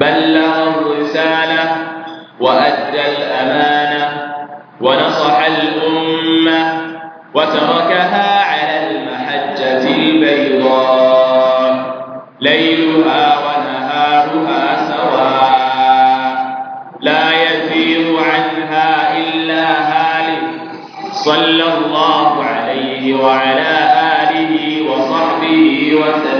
بلغ الرسالة وأدى الأمانة ونصح الأمة وتركها على المحجة البيضاء ليلها ونهارها سواء لا يزيغ عنها إلا هالك صلى الله عليه وعلى آله وصحبه وسلم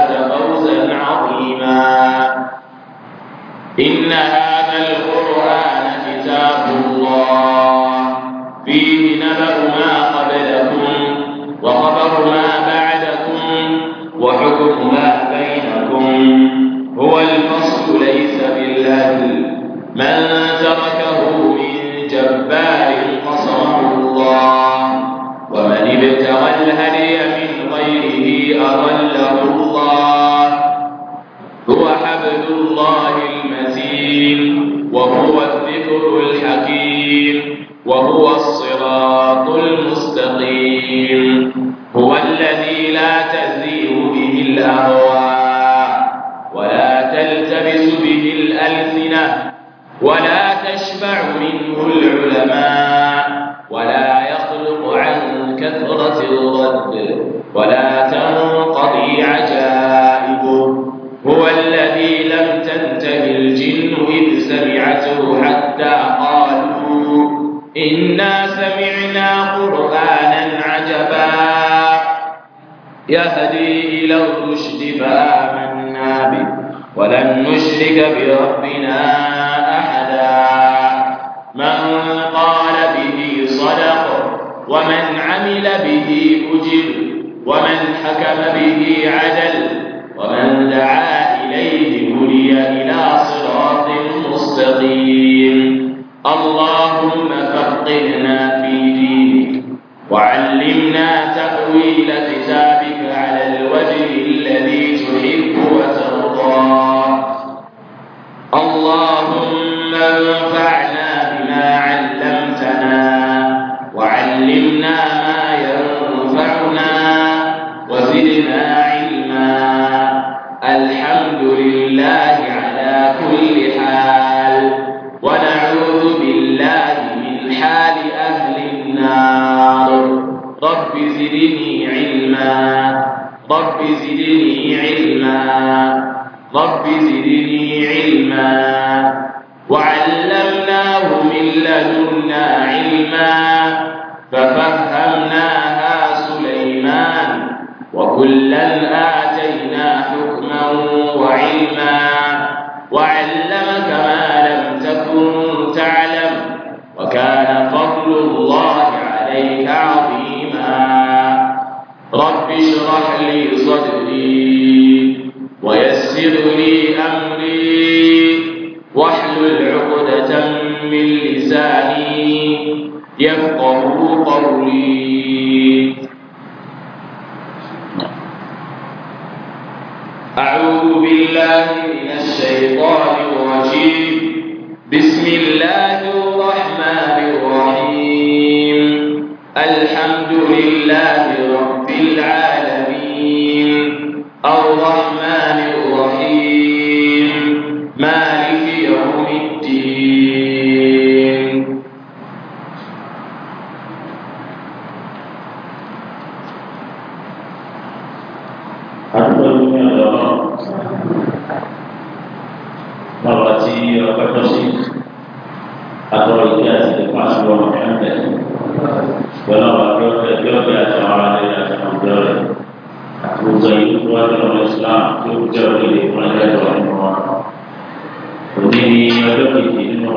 إن هذا القرآن كتاب الله فيه نبأ ما قبلكم وخبر ما بعدكم وحكم ما بينكم هو الفصل ليس بالله من تركه من جبار قصره الله ومن ابتغى الهدي من غيره أضله الله هو حبل الله السبيل وهو الذكر الحكيم وهو الصراط المستقيم هو الذي لا تزيغ به الأهواء ولا تلتبس به الألسنة ولا تشبع منه العلمان فآمنا به ولن نشرك بربنا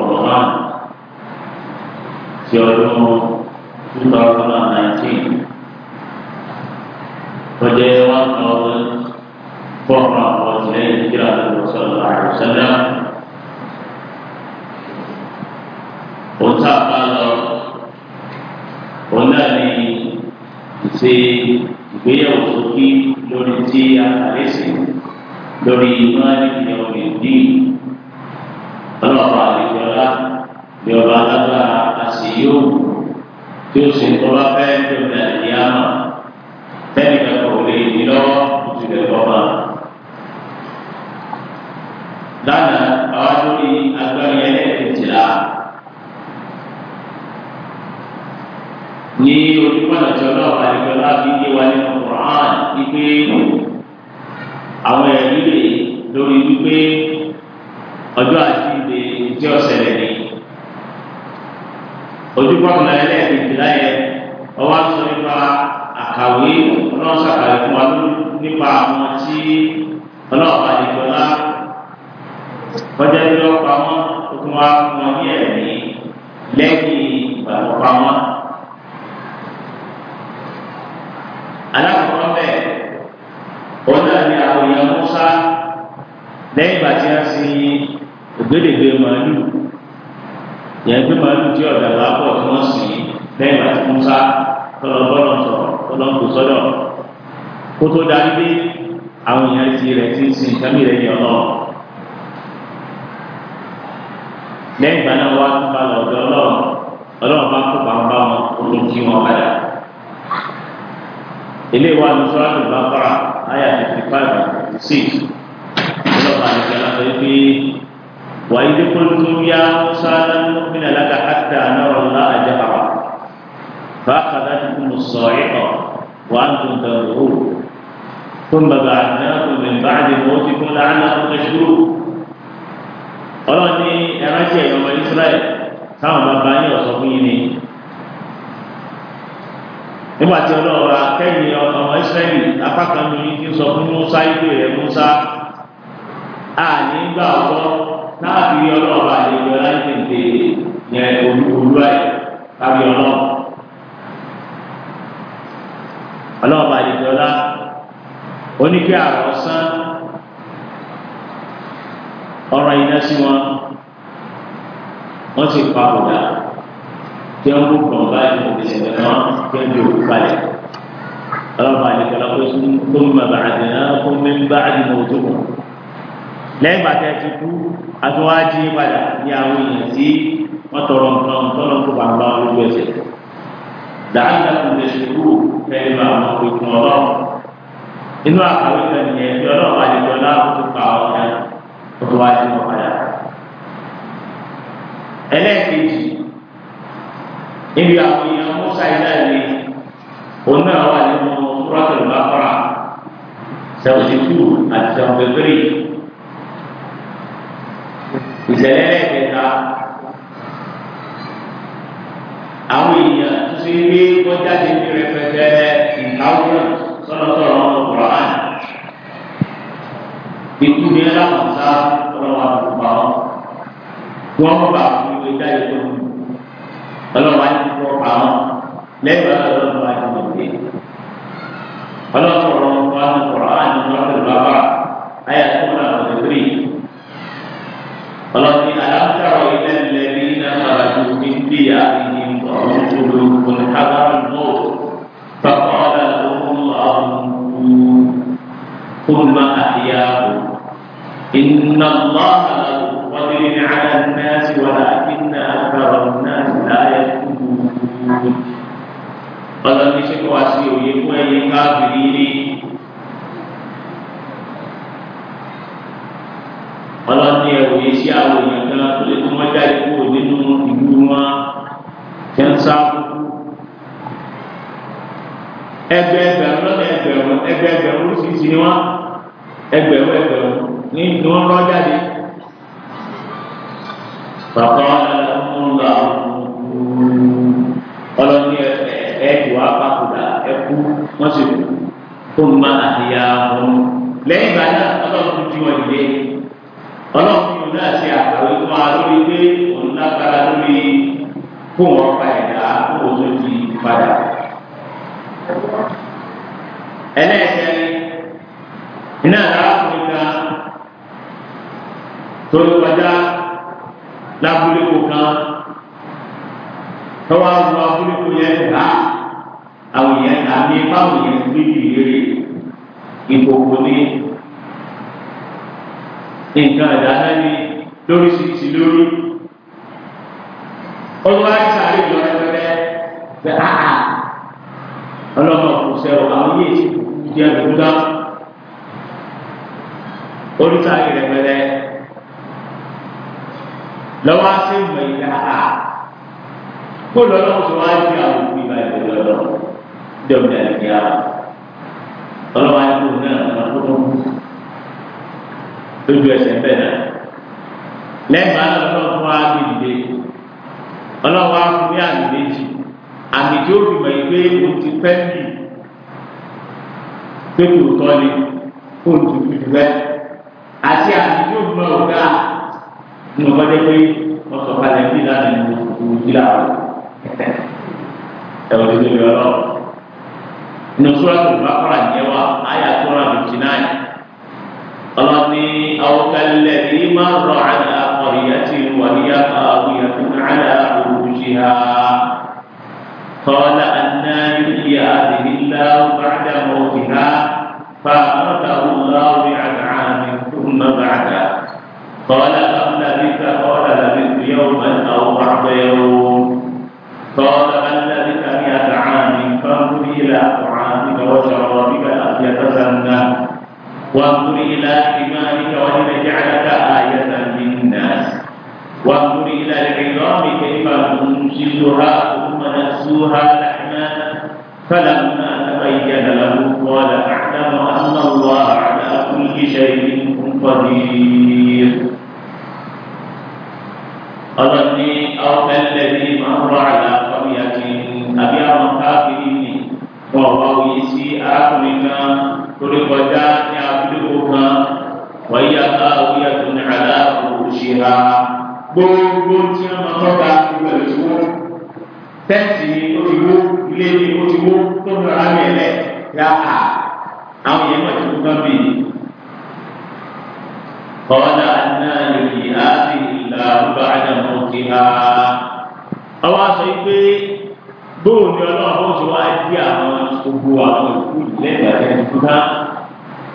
Ramadan ti ọdún 2019 tó jẹ́ one thousand four hundred forty nine kíra lọ́wọ́ sọ̀rọ̀ àrùsọ́dá. Òun tá a bá lọ, òun náà ni ìṣe ìgbéyàwó sókè lórí tí a kàlẹ́ sí lórí ìmọ̀ ẹni. ثم بعثناكم من بعد موتكم lẹ́yìn bàtà ti kú àtúwájú padà ní àwọn èèyàn tí wọ́n tọrọ nǹkan tọ́lọ́ tó bá ń bá wọn lójú ẹsẹ̀. dàgbà tó lè ṣubú fẹ́ẹ́ bá àwọn òkun ọlọ́run. inú àkàwé kan nìyẹn tí ọlọ́run àdìgbò láàbò tó pa ọ́ náà ó tó wájú wọn padà. ẹlẹ́ẹ̀kejì níbi àwọn èèyàn mọ́sáì náà ni òun náà wà nínú rọ́tò ìbáfọ́ra seventy two àti seventy three ìṣẹ̀lẹ̀ ẹ̀kẹta àwọn èèyàn tó ṣe gbé kọjá lè fi rẹpẹtẹ ìkáwọ́n sọ́dọ̀tọ̀rọ̀ ọ̀rọ̀ hàn ikú ni alákòóso ọlọ́wọ́ àtùpà ọ́ wọ́n bá ìwé jáde tó ń ọlọ́wọ́ àti ìfọ̀pá ọ́ lẹ́yìn ọlọ́wọ́ àti ìfọ̀pá ọ́ ọlọ́wọ́ تلاوة القرآن من سورة البقرة آية 103 ولقد ألم تر إلى الذين خرجوا من ديارهم وهم قلوب حذر الموت فقال لهم الله ثم أحياهم إن الله قدير على الناس ولكن أكثر الناس لا يشكرون قال لي شكوى سيوي ويكافرين ọlọ́ni ẹ̀wò yìí sí àwọn èèyàn kan tó lè fún wọn jáde kúrò nínú ìlú wọn kí ń sá kúkú. ẹgbẹ́ ẹgbẹ̀rún lọ́nà ẹgbẹ̀rún ẹgbẹ́ ẹgbẹ̀rún oríṣiríṣi ni wọ́n ẹgbẹ̀rún ẹgbẹ̀rún ní ìlú wọn lọ́ jáde. bàbá ọlọ́mọlá ọlọ́ni ẹ̀ẹ́dùn apákòdà ẹ̀kú wọ́n sì kú tó ń bá àdìyà wọn lẹ́yìn ìgbà náà ọlọ́run ti wọ́n ìdílé ọlọ́run ní ọ̀nà àti àkàwé tó máa lórí pé òun lágbára lórí fún wọn pa ẹ̀dá kó tó di padà. ẹlẹ́ẹ̀kẹ́ iná arákùnrin kan tó ló kọjá lábúlé kò kan tọ́wọ́ àwọn abúlé kò yẹ ẹ̀dá àwọn èèyàn àmì báwọn èèyàn gbé ìrírí ìkòkò ní nǹkan ìdáná ní lóríṣiríṣi lórí olùwà ìsàlẹ̀ ìjọ ẹgbẹ́ bẹ́ àhà ọlọ́mọ kò sẹ́wọ̀ àwọn yìí ti kú jẹ́ àdúgbò oríṣiríṣi rẹ̀ pẹ̀lẹ́ lọ́wọ́ sí ìmọ̀ ìdá àhà ah, ah, ah. kó lọ́lọ́wọ́ sọ wá di àwọn òkú ìgbà ìgbà lọ́lọ́ dọ̀bìnrin àti àwọn ọlọ́wọ́ àti òun náà lọ́wọ́ tó ń bú lójú ẹsẹ̀ bẹ́ẹ̀ náà lẹ́gbàá lọ́wọ́ wá dìde ọlọ́wọ́ á fún ní àmì méjì àmì tí ó fi mọ̀ yìí pé o ti pẹ́ bì pé kò tọ́ ni kó o tún fi bẹ́ àti àmì tí ó fi mọ̀ ọ̀gá ní ọ̀gọ́dẹ́ pé wọ́n sọ kalẹ̀ bí lánàá ní òkú yìí là wọ́n ẹ̀wọ̀n tó ti lè nínú sọ́ra tó bá kọ́ra ìyẹn wa àyà tó náà. أرني أو كالذي مر على قرية وهي خاوية على عروشها قال أنا يحيي هذه الله بعد موتها فأمرته الله عن عام ثم بعد قال كم لبثت قال لبثت يوما أو بعض يوم قال بل لبثت مئة عام فانظر إلى طعامك وشرابك أن يتسنى وانظر إلى حمارك ولنجعلك آية للناس وانظر إلى العظام كيف ننشزها ثم نكسوها لحما فلما تبين له قال أعلم أن الله على كل شيء قدير أظني أو الذي مر على قرية أبي كافر وهو يسيء أمرنا torí kọjá ní abúlé kan wáyé aláwíyá tó ní aláàbò òṣìṣẹ́ gbogbo tí wọ́n máa tọ́ka ìwé ìṣòwò tẹ́ǹtì ni ó ti wó ilé ni ó ti wó tó ń rà ní ẹ̀lẹ́ yá a àwọn yẹn wọ́n ti kú kan kọ́lá náà lè fi áàbì ìlà ọgbà àdàmọ́ kí a. ọwọ́ aṣọ yìí pé bóun ni ọlọ́run bó ti wá di àwọn gbogbo àwọn ìlú lẹ́yìn àti ìlú náà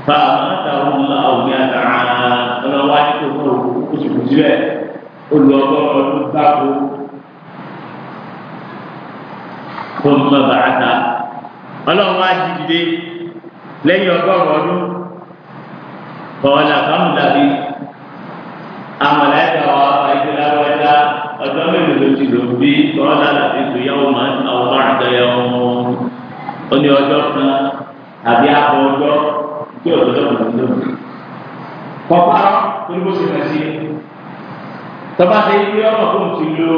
fa àwọn àtàwọn ọmọ àwọn ní àtàrà ọlọ́wọ́ á ní kó mọ̀ oṣù kù síbẹ̀ olú ọgọ́rùn ọdún gbáko tó ń lọ bàtà ọlọ́run á di dìde lẹ́yìn ọgọ́rùn ọdún kọ̀ọ̀lá fámúdàbí àmàlà wà á ìdílé àwọn ẹ̀dá ọjọ́ mélòó ló ti lò bí tọ́lá láti tó yàwó máa ń àwọn máa ń dẹ́yà ọmọ ó ní ọjọ́ kan àbí àbọ̀ ọjọ́ tí ọ̀dọ́dọ́ kò ní lò. kọ́pá oníbó sì rẹ̀ sí i tọ́ba ṣe ilé ọmọ fún ti lo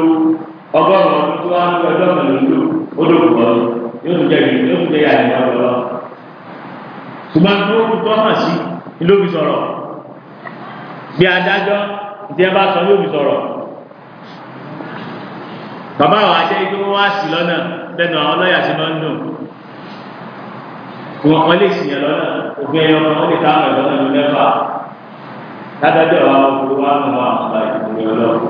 ọgọ́rùn-ún ọdún tó wá ń lo ọjọ́ mélòó lò ó lò pọ̀ yóò tún jẹ́ yóò tún jẹ́ yà ní ọ̀dọ́ lọ. ṣùgbọ́n tó kú tó hàn sí ilé òbí sọ̀rọ̀ bí adájọ́ ìdí ẹ bá sọ ilé òbí sọ̀rọ̀ bàbá àwọn ajẹ́ igbó wọn wá sí lọ́nà lẹ́nu àwọn lọ́yà sí máa ń dùn wọn wọn lè sìn yẹn lọ́nà òfin ẹ̀yọ kan wọn lè ta àwọn ẹ̀dọ́ lẹ́nu mẹ́fà ládàjọ́ àwọn òkúrò wa ń wà àgbà ìdìbò ọlọ́run.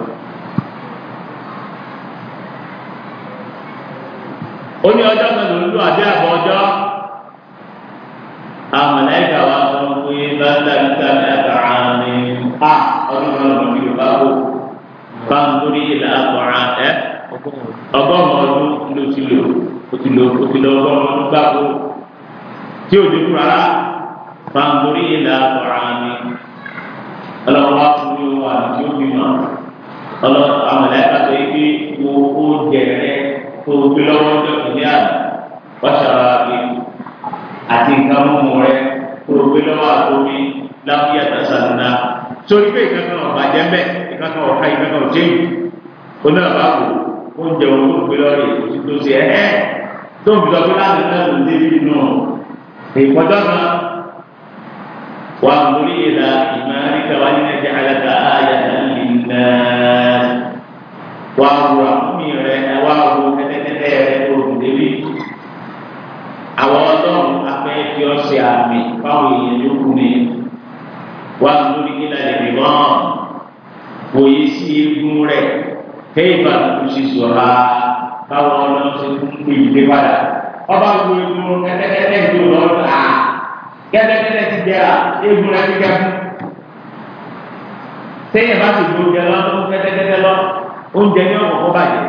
ó ní ọjọ́ kan ló lò àbí àbọ̀ ọjọ́ àmàlẹ́kà wa sọ pé bàtà níta ní àtàrà ni a ọdún kan lọ́dún kí ló bá wò bá ń torí ìlà àbọ̀ àtẹ́ ọgọ́rùn-ún ọdún ló ti lò ó ti lò ó ti lò ọgọ́rùn-ún ọdún gbàgbó tí ò dínkù rárá fàǹgórí ìlà ọ̀ràn ọlọ́wọ́ fún mi wà ní tí ó bí mọ́ ọlọ́wọ́ àmàlà ẹ̀ka tó yẹ kí wo ó jẹ̀rẹ̀ tó gbé lọ́wọ́ ọjọ́ ìdí àná wáṣàrà mi àti nǹkan mímu rẹ tó gbé lọ́wọ́ àtòmí láwùjọ àtàṣàlùnà sórí pé ìkankan ọ̀bàjẹ́ mbẹ́ ìkankan ọ̀ka ìkankan ọ̀jẹ́ yìí ó náà bá wò ó oúnjẹ wọn tó gbé lọ́rẹ̀ òsì tó ṣe ẹ́ tó ń bìtọ́ pé láti náà ló dé bí nù ìkọjọ́ náà wà lórí ìlà ìmọ̀-áríkà wà nínú ẹ̀jẹ̀ àlàkà ayà nìlá wà wù àkúmí rẹ̀ wà wù tẹ́tẹ́tẹ́ rẹ̀ tó ń dé àwọn ọlọ́run afẹ́ fi ọ́ ṣe àmì fáwọn èèyàn yòókù ni wà lórí ìlà ìrìnnà wòye sí egun rẹ̀ kéèyàn àtúntò ṣe sọ̀rọ̀ báwọn ọlọ́run ṣe tún pè yí lé padà ọba wo egun kẹtẹkẹtẹ ìlú lọ́dún à kẹtẹkẹtẹ ti jẹ́ à egun rẹ̀ ti kẹ́kù sẹ́yìn bá ti dúró jẹ lọ́dún kẹtẹkẹtẹ lọ oúnjẹ ní ọ̀pọ̀ bàjẹ́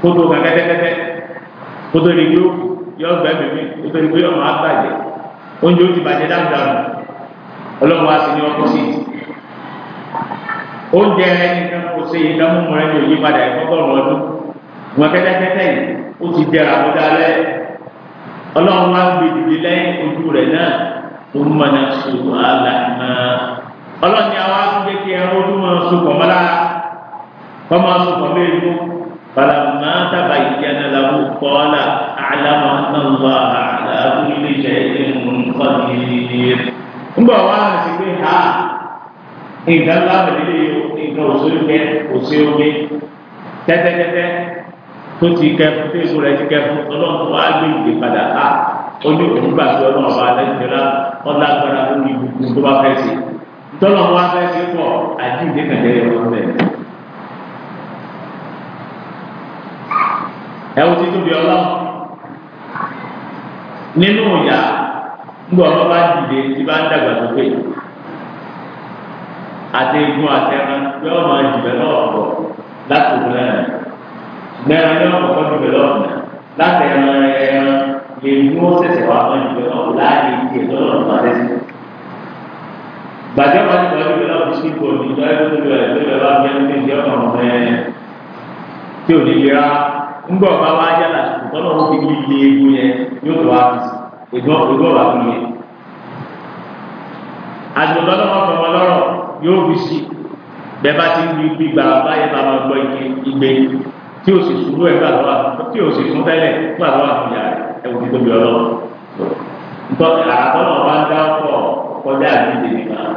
kótó ka kẹtẹkẹtẹ kótó ni yóò yọ gbẹ mímí kótó ni yóò máa bàjẹ́ oúnjẹ ó ti bàjẹ́ dáadáa ọlọ́run wa sì ní ọkọ̀ sí oúnjẹ ẹnìkan kò ṣe ìdánwò rẹ ní òyìnbadà ìfọ́gọ́rùn ọdún wọn kẹ́tẹ́kẹ́tẹ́ yìí ó ti jẹrà ó dalẹ̀ ọlọ́run wá gbé dìde lẹ́yìn ojú rẹ̀ náà ó ń mọ̀nà sùn àlàmà ọlọ́run ni àwa ń gbé kí ẹran ojú mọ̀ sùn pọ̀ mọ́lá kọ́ máa sùn pọ̀ mẹ́rin mú balàmà tábà ìjànà làwọn kọ́ọ́là àlàmà náà wà àlàbù ilé iṣẹ́ ìṣẹ́ ìmọ̀ nǹkan nìyí. ń bọ̀ wá àti pé ha nǹkan ńlá bẹ̀rẹ̀ lè yọ nǹkan òṣèlú kẹ òṣèlú mi tẹ́tẹ́tẹ́tẹ́ tó ti kẹ fún téèkù rẹ ti kẹ fún ọlọ́run wá gbé ìdè padà á ó ní òun gbà sí ọlọ́run ọba alẹ́nudẹ́lá ọlágbára ó ní ibùkún tó bá fẹ́ sí tọ́lọ̀ wá fẹ́ sí pọ̀ àdìgbé kẹ̀kẹ́ yẹ wọ́n bẹ̀. ẹ wo títún bí ọlọ́run nínú ìyá ń gbọ́ ọlọ́ bá dìde tí bá ń dàgbà yìí àtẹ̀gùn àtẹ̀ràn yóò máa dìbẹ̀lọ́pù lásìkò náà mẹ́rin yóò kọ́kọ́ dìbẹ̀lọ́pù náà láti ẹran ẹran lè mú sẹ̀sẹ̀ wá máa dìbẹ̀lọ́pù láàyè ìdíyẹ lọ́nà ìpàdé sí. gbàjọ́ máa dìbẹ̀lọ́pù dìbẹ̀lọ́pù sí ipò ní ìjọ ẹgbẹ́ tó bẹ̀rẹ̀ tó bẹ̀rẹ̀ wá bí ẹni tí ó kàn mọ́ ẹ tí ò ní yẹra ńgbọ̀ bá wá yá lásìkò tọ́lọ́ ó fi ní ilé egun yẹn yóò tó wá fi ìgbọ́ ìgbọ́ wà fún yẹn. àjùmọ̀ lọ́wọ́ fọmọ lọ́rọ̀ yóò wí sí bẹ́ẹ̀ bá ti ń lu gbígba báyẹ̀ bá máa gbọ́ ike igbe tí o sì sùúrù ẹ̀ gbà lọ́wọ́ tí o sì sùn tẹ́lẹ̀ gbà lọ́wọ́ àfìyà ẹ̀ wò ní tóbi ọlọ́wọ́ nítorí àtọ́nà bá ń dá ọkọ̀ kọjá àdúgbò nìkan.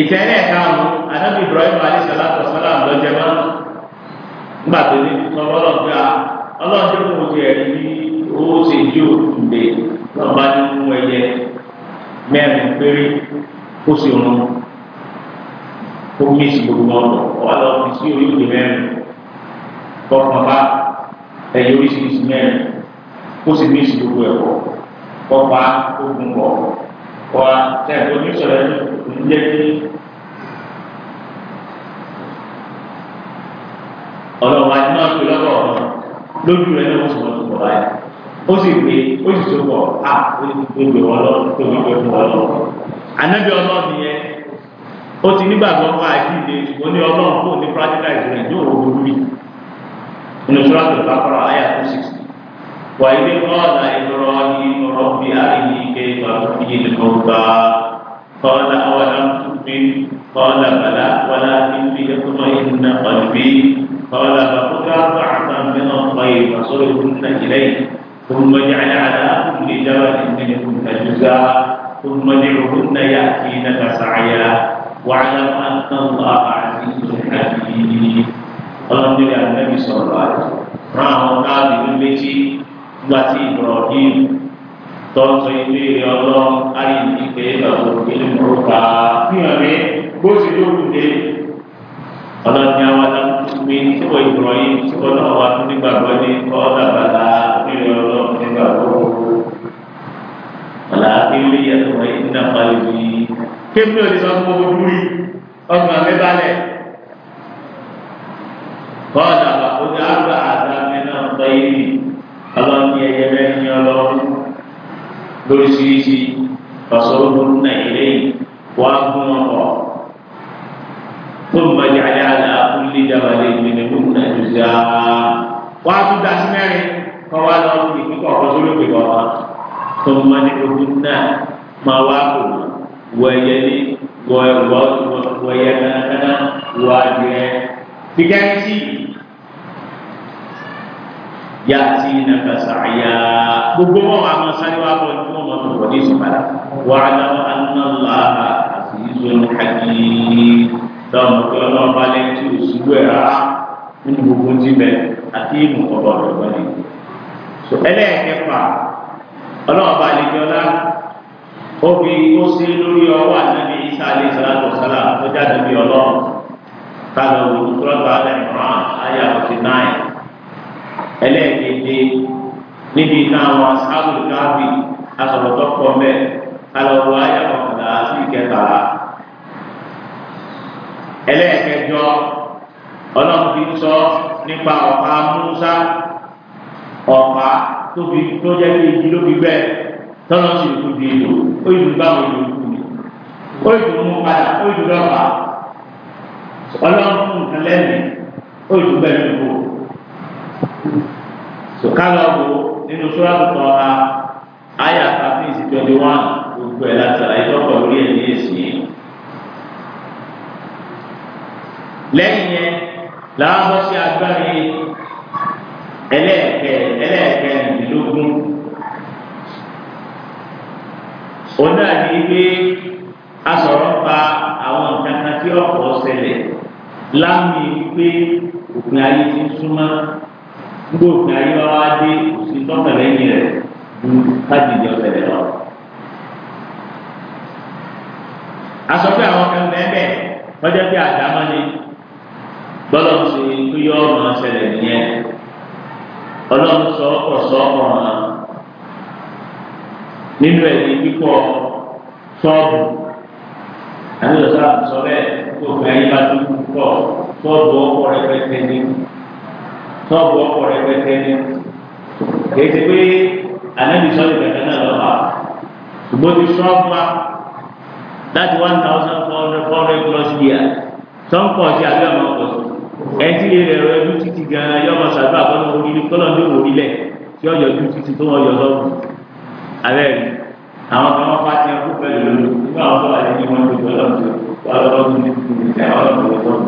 ìtẹ́lẹ̀ karùn-ún anábì Ibrahim alayisalaatu salam lọ́jẹ́ máa ń gbà tó ní sọ́wọ́lọ́ gbà ọlọ́run tó kún un ẹ̀rí owó ṣèjú òkùnbé lọ́ba ní mú mẹ́rin péré kó sì rún kó mísì gbogbo ọ̀rọ̀ ọ̀wá lọ fi sí orí ìwé mẹ́rin kọ́kàn bá ẹ̀yẹ oríṣiríṣi mẹ́rin kó sì mísì gbogbo ẹ̀kọ́ kọ́pa ogun pọ̀ kọ́ra sẹ́yìn tó ní sọ̀rọ̀ ẹ̀ ń jẹ́ kí ọlọ́wà ní ọ̀sẹ̀ lọ́wọ́ lójú rẹ̀ ní oṣù tó kọ̀ ó sì gbé ó sì tó pọ̀ à ó gbé wọn lọ tó gbé wọn fún wọn lọ. ànábì ọlọ́ọ̀ni yẹn ó ti nígbàgbọ́ fún àìsíde ṣùgbọ́n ní ọlọ́run kò ní practical ìṣẹ̀lẹ̀ yóò wọ olúmi nínú sọ́láṣọ̀ ìfàkọ́rọ̀ àyà tó sì sí. wà ilé kọ́ọ̀lá ìrọ̀ ní ọ̀rọ̀ bí àìní ike ìgbàlódé ìlúkọ̀ọ́gbà kọ́ọ̀lá ọ̀là tuntun kọ́ọ̀lá bàlá wọlá níbi ẹ̀kọ́mọ́ ìdúnà pàlùbí kọ́ọ̀lá bàbúkà bàtà mẹ́nà ọ̀pọ̀ ìfàsọ́rọ̀ ìdúnà ثم جعل على كل جبل منهن جزاء ثم ادعهن يأتينك سعيا واعلم أن الله عزيز حكيم Alhamdulillah nílẹ̀ àgbẹ̀bí sọ̀rọ̀ àjò rán àwọn káàdì méjì Ibrahim tọ́tọ̀ ilé ọlọ́run ayé ìdíje ìbàwọ̀ ìlú mọ̀ọ́kà fihàn mi bó ti lóòrù Ibrahim ọ̀là ilé ẹ̀sọ́ ìdá pàlùbí kéwìn òde sọ fún owó dúrí ọgbà mi balẹ̀ kọ́ọ̀dà àkójọ àgbà àdáni náà tọ́ yìí ọlọ́ọ̀ni ẹ̀yẹ bẹ́ẹ̀ ní ọlọ́run lóríṣiríṣi ọ̀sọ́rọ̀ tó ń nàìjíríà wà á gún ọkọ̀ tó ń bàjẹ́ àyà àdá kúlé jábàlẹ̀ ìgbìmọ̀ ìgbìmọ̀ nàìjíríà wà á tún dasí mẹ́rin. tọ́gbọ́n ní ogun náà máa wá kò wọ̀nyẹ ní wọ̀nyẹ kánákáná wọ adìẹ tìkẹ́tì yá sí nàkàsà yá gbogbo wọn wà máa sáré wá bọ̀ ní wọn máa tó wọlé ìsìnkàlà wà á náwó anáńlá àti ìzòlù hàkì dáhùn pé ọlọ́run bá lẹ́yìn tí o sì wẹ̀ rárá nínú gbogbo ti bẹ̀ àti ìmùkọ̀bọ̀ ọ̀dọ̀ wọn ni. ẹlẹ́ẹ̀kẹfà ọlọ́run bá àlejò ọlá obì ó ṣe lórí ọwọ́ ànábi isa alẹ́ sàlátọ̀ sàlá tó jáde bí ọlọ́run táwọn olùkọ́lọ́tọ̀ alẹ́ ìran ayé àkọsí náà ẹlẹ́ẹ̀kejì níbi táwọn sábùlù káàbì asọ̀rọ̀tọ̀ pọ̀ mẹ́ alọ́wọ́ ayé àkọsílá sí ìkẹtàlá ẹlẹ́ẹ̀kẹjọ ọlọ́run fi sọ nípa ọ̀pá Musa ọ̀pá tó fi tó jẹ́ pé igi ló fi gbẹ́ tọ́lọ́ sì kú di èlò ó yìí bá wọn lò kú mi ó yìí mú padà ó yìí lọ́pàá ọlọ́run fún nǹkan lẹ́nu ó yìí gbẹ́ lóko sọ̀kálọ̀ wo nínú sọ́ra tuntun ọ̀ha ayé àtàkùn ìsìn twenty one gbogbo ẹ̀ láti ṣàlàyé lọ́pọ̀ orí ẹ̀ ní èsì yìí. lẹ́yìn yẹn làwọn bọ́ sí agbára yìí ẹlẹ́ẹ̀kẹ́ ẹlẹ́ẹ̀kẹ́rìndínlógún òun náà ní pé a sọ̀rọ̀ pa àwọn nǹkan kan tí ọ̀pọ̀ ṣẹlẹ̀ láàmì pé òpin ayé ti ń súnmọ́ gbogbo òpin ayé wa wá dé òsì tọ́kàn lẹ́yìn rẹ̀ ju kájíjọ ṣẹlẹ̀ lọ. a sọ pé àwọn kan bẹ́ẹ̀ bẹ́ẹ̀ wọ́n jẹ́ pé ni ṣe pé yọ ṣẹlẹ̀ nìyẹn ọlọ́run sọ ọkọ̀ sọ ọkọ̀ hàn nínú ẹ̀yìn kíkọ sọ́ọ̀bù àti ọ̀sán àbùsọ bẹ́ẹ̀ tó fẹ́ yín bá dúró púpọ̀ sọ́ọ̀bù ọkọ̀ rẹpẹtẹ ní sọ́ọ̀bù ọkọ̀ rẹpẹtẹ ní kìí ṣe pé ànábì sọ́ọ̀bù kẹ̀kẹ́ náà lọ́ wà ṣùgbọ́n ti sọ́ọ̀bù wa láti one thousand four hundred four hundred plus year sọ́ọ̀bù ọ̀sẹ̀ àbí ọ̀nà ọ̀sẹ̀ ẹtí rẹ̀ rẹ̀ lójú títí gan-an yọ ọmọ sàdúrà kọ́nà orílẹ̀ kọ́nà ní òwòrílẹ̀ tí ó yọjú títí tó wọ́n yọ lọ́wọ́ alẹ́ rí àwọn kan wọ́n pàṣẹ ẹkú pẹ̀lú lónìí nígbà wọn tó wà ní wọn lójú ọlọ́dún wà lọ́dún ní tuntun ní ẹ̀rọ ọlọ́dún lọ́dún.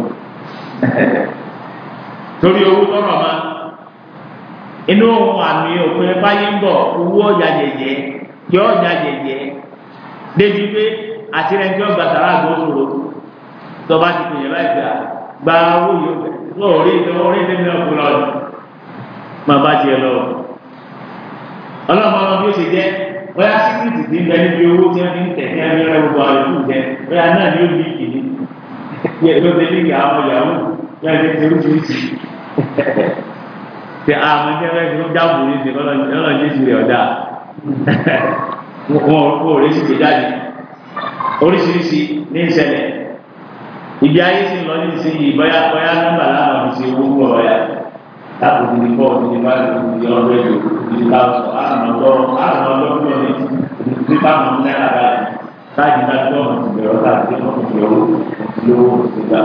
torí owó tọrọ ma inú àmì òpin báyé ń bọ̀ owó ọjà jẹjẹ kí ọjà jẹjẹ débi pé àtirẹ̀ ọgbà sàrà àgbọ̀ gba owó yìí lọ rí ìtọ́ orí ìdí mi ọ̀pọ̀ lọ́dún máa bá tiẹ̀ lọ. ọlọ́mọ ọmọ bí ó ṣe jẹ́ bóyá síkírìtì ti ń bẹ níbi owó tí wọ́n fi ń tẹ̀sí ẹni rẹ gbogbo àlùkù jẹ bóyá náà ni ó bí ìkíní yẹ ló ti ní àwọn yahoo yóò ti ti oríṣiríṣi ti àwọn ẹgbẹ́ rẹ ló jáàmù ní ti lọ́nà jésù ìdí ayé sì lọ ní ìsinyìí bóyá bóyá nọ́mbà láwọn ti ṣe owó ọ̀rọ̀ yá láàbò ní ní bọ́ọ̀lù ní bá lè ní ọ̀rọ̀ èlò ní káwọ̀ àrùnọ̀dọ́rọ̀ àrùnọ̀dọ́rọ̀ ní ní báwọn náírà báyìí báyìí bá tó ọ̀nà ti bẹ̀rọ̀ láti dé ọ̀nà ìbẹ̀rù lówó ìgbà.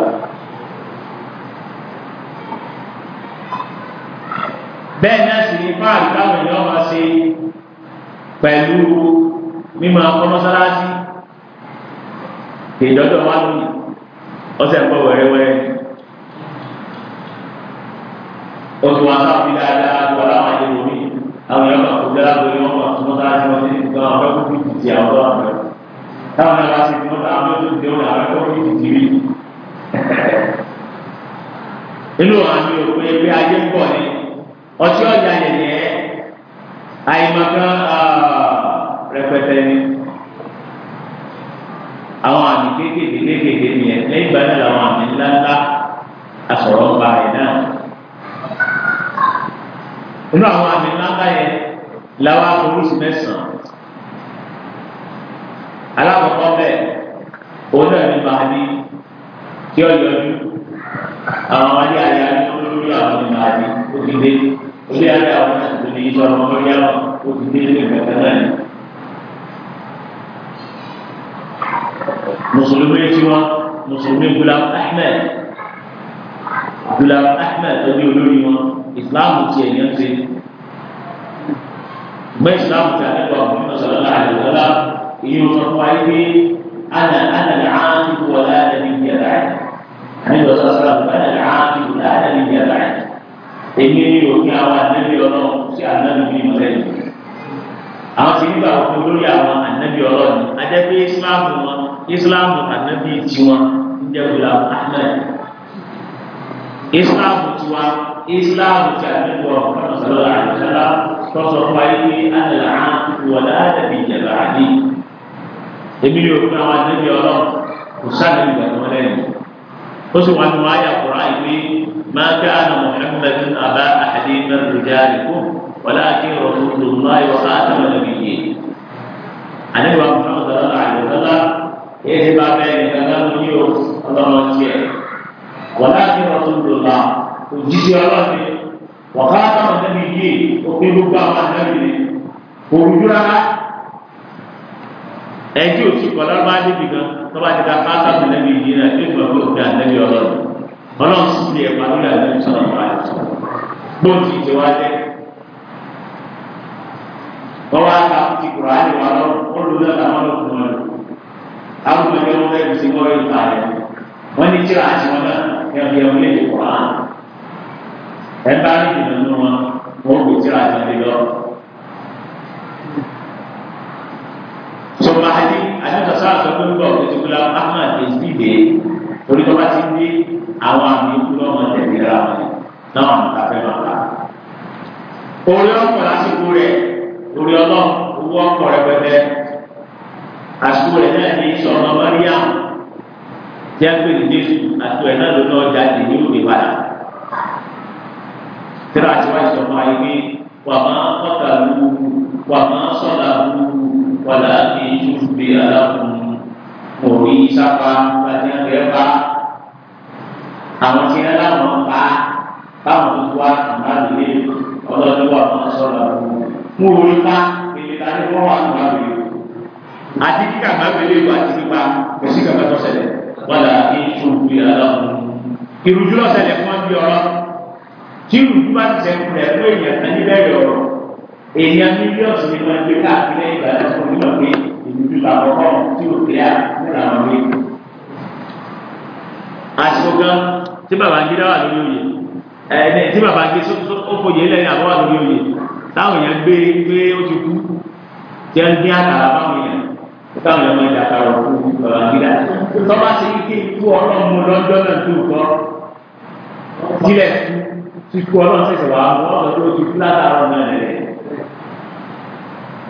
bẹ́ẹ̀ náà sì ní fáàlì táwọn èèyàn máa ṣe pẹ̀lú mímọ akọ́nọ́sálásí ọsẹ ń bọ̀ wẹ́rẹ́wẹ́rẹ́ o tún wá sáà fi dáadáa wọ́n láwọn ayé lómi àwọn yàrá kò dá lórí wọn wọn tún mọ́tà tí wọ́n ti ń gbọ́ àwọn ọ̀rẹ́ kúkú ti àwọn ọ̀rẹ́ àwọn táwọn yàrá sì ti mọ́tà àwọn ọ̀rẹ́ tó ti àwọn ọ̀rẹ́ kúkú ti inú wa ni o pé bí ayé ń bọ̀ ni ọtí ọjà yẹn yẹn àyè rẹpẹtẹ ni àwọn àmì kéékèèké kéékèèké nìyẹn lẹ́yìn ìgbà náà làwọn àmì ńláńlá àsọ̀rọ̀ ń ba rẹ̀ náà. inú àwọn àmì ńláńlá yẹn làwọn akọ̀rọ̀sì mẹ́sàn-án. alákọ̀ọ́kọ́ bẹ́ẹ̀ òun náà ní bàálí kí ọ yọjú àwọn ayé ayé alẹ́ lórí àwọn ní bàálí ó ti dé olé ayé àwọn náà tó ní ìtọ́ ọmọ lórí àwọn ó ti dé ní ìgbà mùsùlùmí tiwọn mùsùlùmí gulam ahmed gulam ahmed tó ní olórí wọn ìsìláàmù tiẹ̀ yẹn ti gbé ìsìláàmù tí a ní kọ́ ọ̀gbìn ọ̀sán ọ̀la àdìgbọ́lá ìyẹn sọ fún wa yìí pé ana ana ní ààbò wọlé ana ní ìyá rẹ̀ àní lọ́sọ̀ sọ̀rọ̀ ana ní ààbò wọlé ana ní ìyá rẹ̀ èmi ni òkè àwọn ànábì ọlọ́run sí ànábì bíi mọ̀lẹ́yìn àwọn ti nígbà wọn lórí àwọn ànábì ọlọ́run adẹ́gbé islam wọn islam ànábì tiwọn ń jẹ́ gulam ahmed islam tiwa islam ti ànábì ọ̀kan sọ̀rọ̀ àdìsọ́lá tọ́sọ̀ wáyé pé àdàlà àkùkù wọlé àdàbí ìjẹ̀bà àdé èmi yóò fún àwọn ànábì ọlọ́run kò sáà nígbà wọn lẹ́yìn ó sì wá ní wáyà kúrò àìpé máa ká àná mọ̀hẹ́mẹ́d رجالكم ولكن رسول الله وخاتم النبيين أنا محمد صلى الله عليه وسلم يجب عليه كلام يوسف الله ولكن رسول الله وجزي الله وخاتم النبيين وقيل بعض النبيين ورجلها ẹjọ́ tí kọlá bá débi gan tọ́ba ti ka káàkà tó lẹ́nu ìdí náà tó ìgbà tó ti àtẹ́bí ọlọ́run ọlọ́run sì ti ẹ̀ pàdé àti ìṣọ̀rọ̀ àti ìṣọ̀rọ̀ bóńtì ti wá jẹ́ wọ́n wá ká ti kúrò á lè wá lọ́rùn wọ́n lò lọ́dà wọn lọ́kùn wọn lò àwọn ọmọdé wọn bẹ́ẹ̀ bí sí wọ́n rí ìgbà rẹ̀ wọ́n ní tíra àti wọn náà ẹ̀rọ yẹn wọlé ìkọ̀ á ẹ̀ bá rí ìdùnnú wọn wọ́n kò tíra àti wọn lè lọ. sọ̀rọ̀ àti àtúntò sáà sọ pé ń bọ̀ ètò ìgbìlá Ahmad èsì orí tó bá ti dé àwọn àmì ìkúlọ̀ wọn tẹ̀lé ra wọn náà tàbí bàbá. orí ọkọ̀ lásìkò rẹ̀ orí ọlọ́ọ̀ owó ọkọ̀ rẹ̀ pẹpẹ àsìkò rẹ̀ náà ní sọ̀rọ̀ mọ́ríyàm tí a pè ní jésù àtò ẹ̀ náà ló náà jáde ní òde padà. tíra àti wáyé sọ fún ayé pé wà máa kọ́ta lù wà máa sọ̀là lù wà láàbí ìṣòfò aláwọ̀ òrí sábà gbajúmọ̀ bá àwọn tí wọn láwọn bá táwọn tó wá àmàlùyé ọlọ́dún wà fún asọ́lá mú orí ká èlé ta ni wọ́n wà fún àmàlùyé àti kíkà àmàlùyé wà ti nípa kò sí kàkà tó ṣẹlẹ̀ wàlà ètò ìwé aláwọ̀ ìrùjú lọ ṣẹlẹ̀ fún ọdún ọ̀rọ̀ tí ìrùjú bá ti sẹ́kù rẹ̀ ló èèyàn kan níbẹ̀ ọ̀rọ̀ èèyàn mílíọ̀nù ni wọ́n gbé káàkiri ìgbà tó fún mi lọ pé ìrùjú làkọ́kọ́ tí ò kíá nígbà wọn ní. àsìkò kan ẹ̀ẹ́dẹ̀ tí bàbá gbé sókòyè lẹ́yìn àbọ̀wá lórí oyè táwọn èèyàn gbé gbé ó ti kú tí a ń dín àkàrà báwọn èèyàn táwọn èèyàn máa ń dàkàrà òkú bàbá gíga tọ́ba ṣe ike ikú ọlọ́run mu lọ́jọ́ náà tó kọ́ sílẹ̀ tí ikú ọlọ́run ṣẹ̀ṣẹ̀ wà á wọ́n ọ̀dọ́ tó ti kú látara ọ̀nà rẹ̀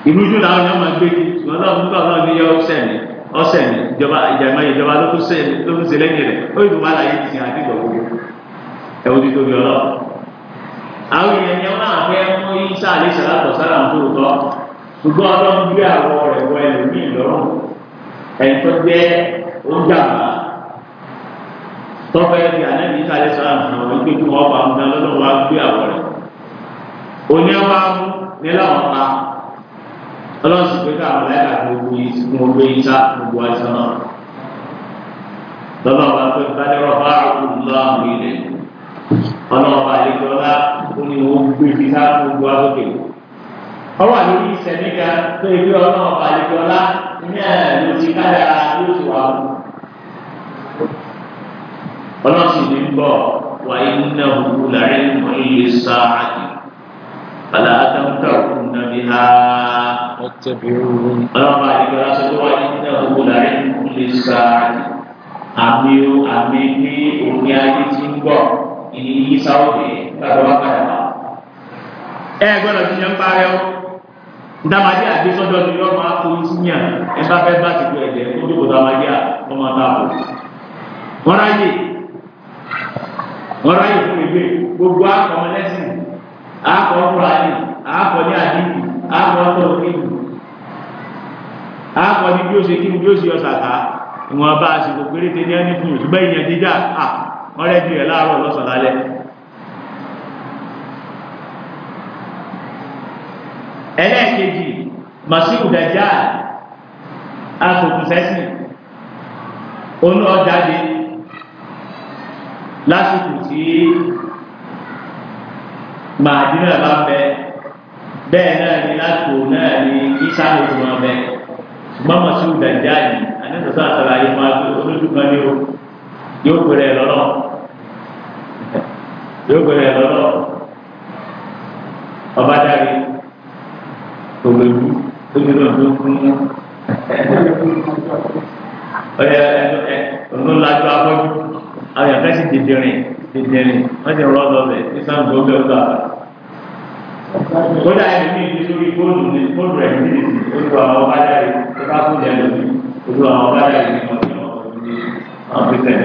ìrújú làwọn èèyàn máa gbé kí ọlọ́run nígbà náà ní yọ ọ̀sẹ̀ mi ọ̀sẹ̀ mi ìjọba ìjàmbá ìjọba ló tó ṣe lẹ́yìn rẹ̀ ó ìdùnnú ti hàn àdìgbò gbogbo ẹ̀wọ́n ti tóbi ọlọ́ àwọn èèyàn yẹn wọn àfẹ́ mú isa alẹ́ sàlátọ̀ sára ń tó tọ́ ṣùgbọ́n ọlọ́run gbé àwọ̀ rẹ̀ wọ ẹlòmíì lọ́rùn ẹ̀yìn tó jẹ́ oúnjẹ àbá tọ́pẹ́ ti ànẹ́bí isa alẹ́ sàlá ń tó wípé kí wọ́n bá ń dán lọ́dún wá gbé àwọ̀ rẹ̀ òní ọba mú ní láwọn pa ọlọ́run sì pé káwọn láyà gbogbo gbé isa gbogbo àìsàn náà lọ́ba wa pé bá dẹ́rọ̀ bá àkùnrin lọ́wọ́ ilẹ̀ ọlọ́ọ̀bà àlejòọ́lá ó ní òun gbé fi ká gbogbo àgókè. ọwọ́ àlórí ìṣẹ̀mí kan tó ebi ọlọ́ọ̀bà àlejòọ́lá ní ẹ̀ ló ti káyà ló ti wà wù. ọlọ́sìn ní bọ̀ wà iná òkú làrí mọ́ ilé sáàdì fàlà àtàkùnkà òkú nàbí ha. ọlọ́ọ̀bà àlejòọ́lá sọ pé wà iná òkú làrí mọ́ ilé sáàdì àmì àmì ní òní ayé ti ń bọ̀ ìyí sáwọ́ pé gbàgbọ́ bá padà wá. ẹ gbọ́dọ̀ ti yẹn parẹ́ o dàmàdí àgbésọ́jọ́ ni yọ́n máa kó síyàn ẹ bá fẹ́ bá ti kú ẹ̀jẹ̀ kó jókòó dàmàdí à wọ́n máa tà bọ̀. wọ́n ráyè wọ́n ráyè fún ìwé gbogbo akọ̀ lẹ́sìn akọ̀ ọkùnrin akọ̀ ní àdínkù akọ̀ ọkùnrin akọ̀ ní bí ó ṣe kí ni bí ó ṣe yọ sàkà ìwọ̀n bá a ṣe kò péréte ní ẹni fún ìṣùgbọ́n ìyẹn dídá à wọ́n rẹ́jú rẹ̀ láàárọ̀ lọ́sàn-án lálẹ́. ẹlẹ́ẹ̀kejì masiru dajá asòkùnsẹ́sìn onú ọjáde lásìkò tí màdínà bá bẹ bẹ́ẹ̀ náà ni lásìkò náà ni ìsáàlù tó máa bẹ ṣùgbọ́n masiru dajá yìí àti ìsọ̀sọ́ àtàlàyé máa tó olójú kan ní o yóò pèrè lọ́nà yóò pèrè lọ́nà ọba dárí gbogbo ìlú tóbi náà tó kún mú ọyẹ ẹ ọlọ́lájú afọ́jú àwọn yàtọ̀ sí dìdìrín dìdìrín wọ́n ti rọ́ lọ́bẹ̀ ní sáǹdù ọgbẹ́ ọgbà kódà ẹni ní ìdí sórí fóònù ní fóònù rẹ̀ ní ojú àwọn ọba dárí tó fún ìyá lórí ojú àwọn ọba dárí ní ọjọ́ ọ̀gbìn ọ̀pẹ̀tẹ̀.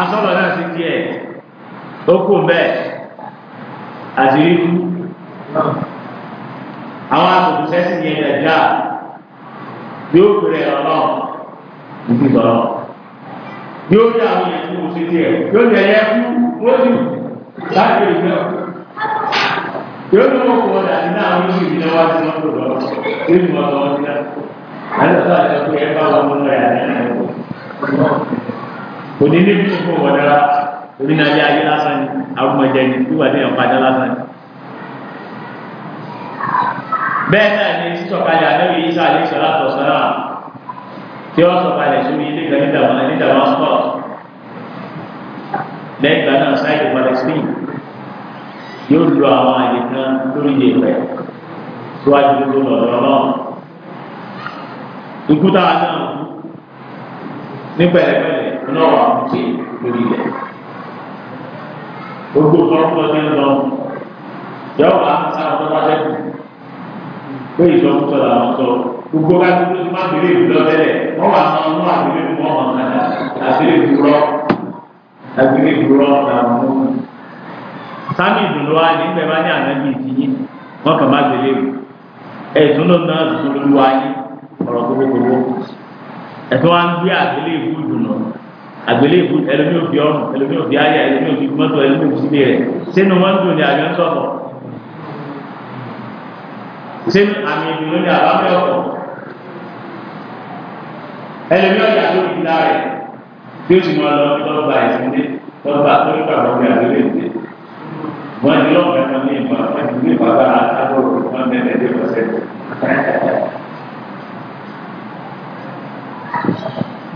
asọ́lọ̀ náà ti díẹ̀ ó kù bẹ́ẹ̀ àti rí kú àwọn akòkòsẹ́ sì yẹn nàìjíríà yóò pèrè ọ̀nà ìdí sọ̀rọ̀ yóò dé àwọn yẹn tó ṣe díẹ̀ yóò dé ẹyẹ kú wọ́n ti láti rí náà yóò ní wọ́n kọ́ ọ̀dà nínú àwọn oṣù ìdílé wa ti wọ́n tó lọ sí ìdílé wọn lọ́wọ́ sí náà òní ní bí fún wọ̀dára onínáyé ayé lásán ni arúmọjẹ ni wíwà ní ọ̀padà lásán ni bẹ́ẹ̀ náà ni sísọ̀kalẹ̀ àdẹ́wì isa alẹ́ sọ̀rọ̀ àtọ̀sọ̀rọ̀ tí ó sọ̀kalẹ̀ sórí ilé kan nídàmọ́ nídàmọ́ sọ̀ lẹ́yìn ìgbà náà sáìdì Palestine yóò lo àwọn àyè kan lórí ilé rẹ̀ tó wájú tó lọ́dọ̀ náà ikú táwa náà ní pẹ̀lẹ́pẹ̀lẹ́ náà wà mú sí lórí ilẹ̀ gbogbo ọlọ́pàá ti ń lọ yọọ wà sáà tó bá dẹkùn pé ìsọkúsọ làwọn sọ gbogbo ká tó tó má bèrè ìlú lọ́tẹ́lẹ̀ wọ́n wà máa ń wá bèrè ìlú wọn hàn náà àbèrè ìdúró àbèrè ìdúró làwọn mú un. sámi ìdùnnú wa ní bẹ́ẹ̀ bá ní ànájì ìtìyín wọ́n kàn má bèrè ìlú ẹ̀sùn náà dùn wa yín ọ̀rọ̀ tó gbogbo ẹ̀tọ́ wa ń gbé àgbélé ìbú dùnà àgbélé ìbú ẹlòmí òbí ọrùn ẹlòmí òbí ayé ẹlòmí òbí mọ́tò ẹlòmí òbí sílé rẹ̀ sínú wọn dùn ní àjọ sọ̀tọ̀ sínú àmì ìdùnnú ní àbámẹ́ ọ̀tọ̀ ẹlòmí ọ̀jà tó fi dá rẹ̀ tí ó sì mọ lọ lọ́gbà ìsinmi lọ́gbà tó ní pàrọ̀ ní àgbélé ìdè wọ́n ti lọ́ọ̀kan ní ìmọ̀ àti ní ìpàgbà àtàkùn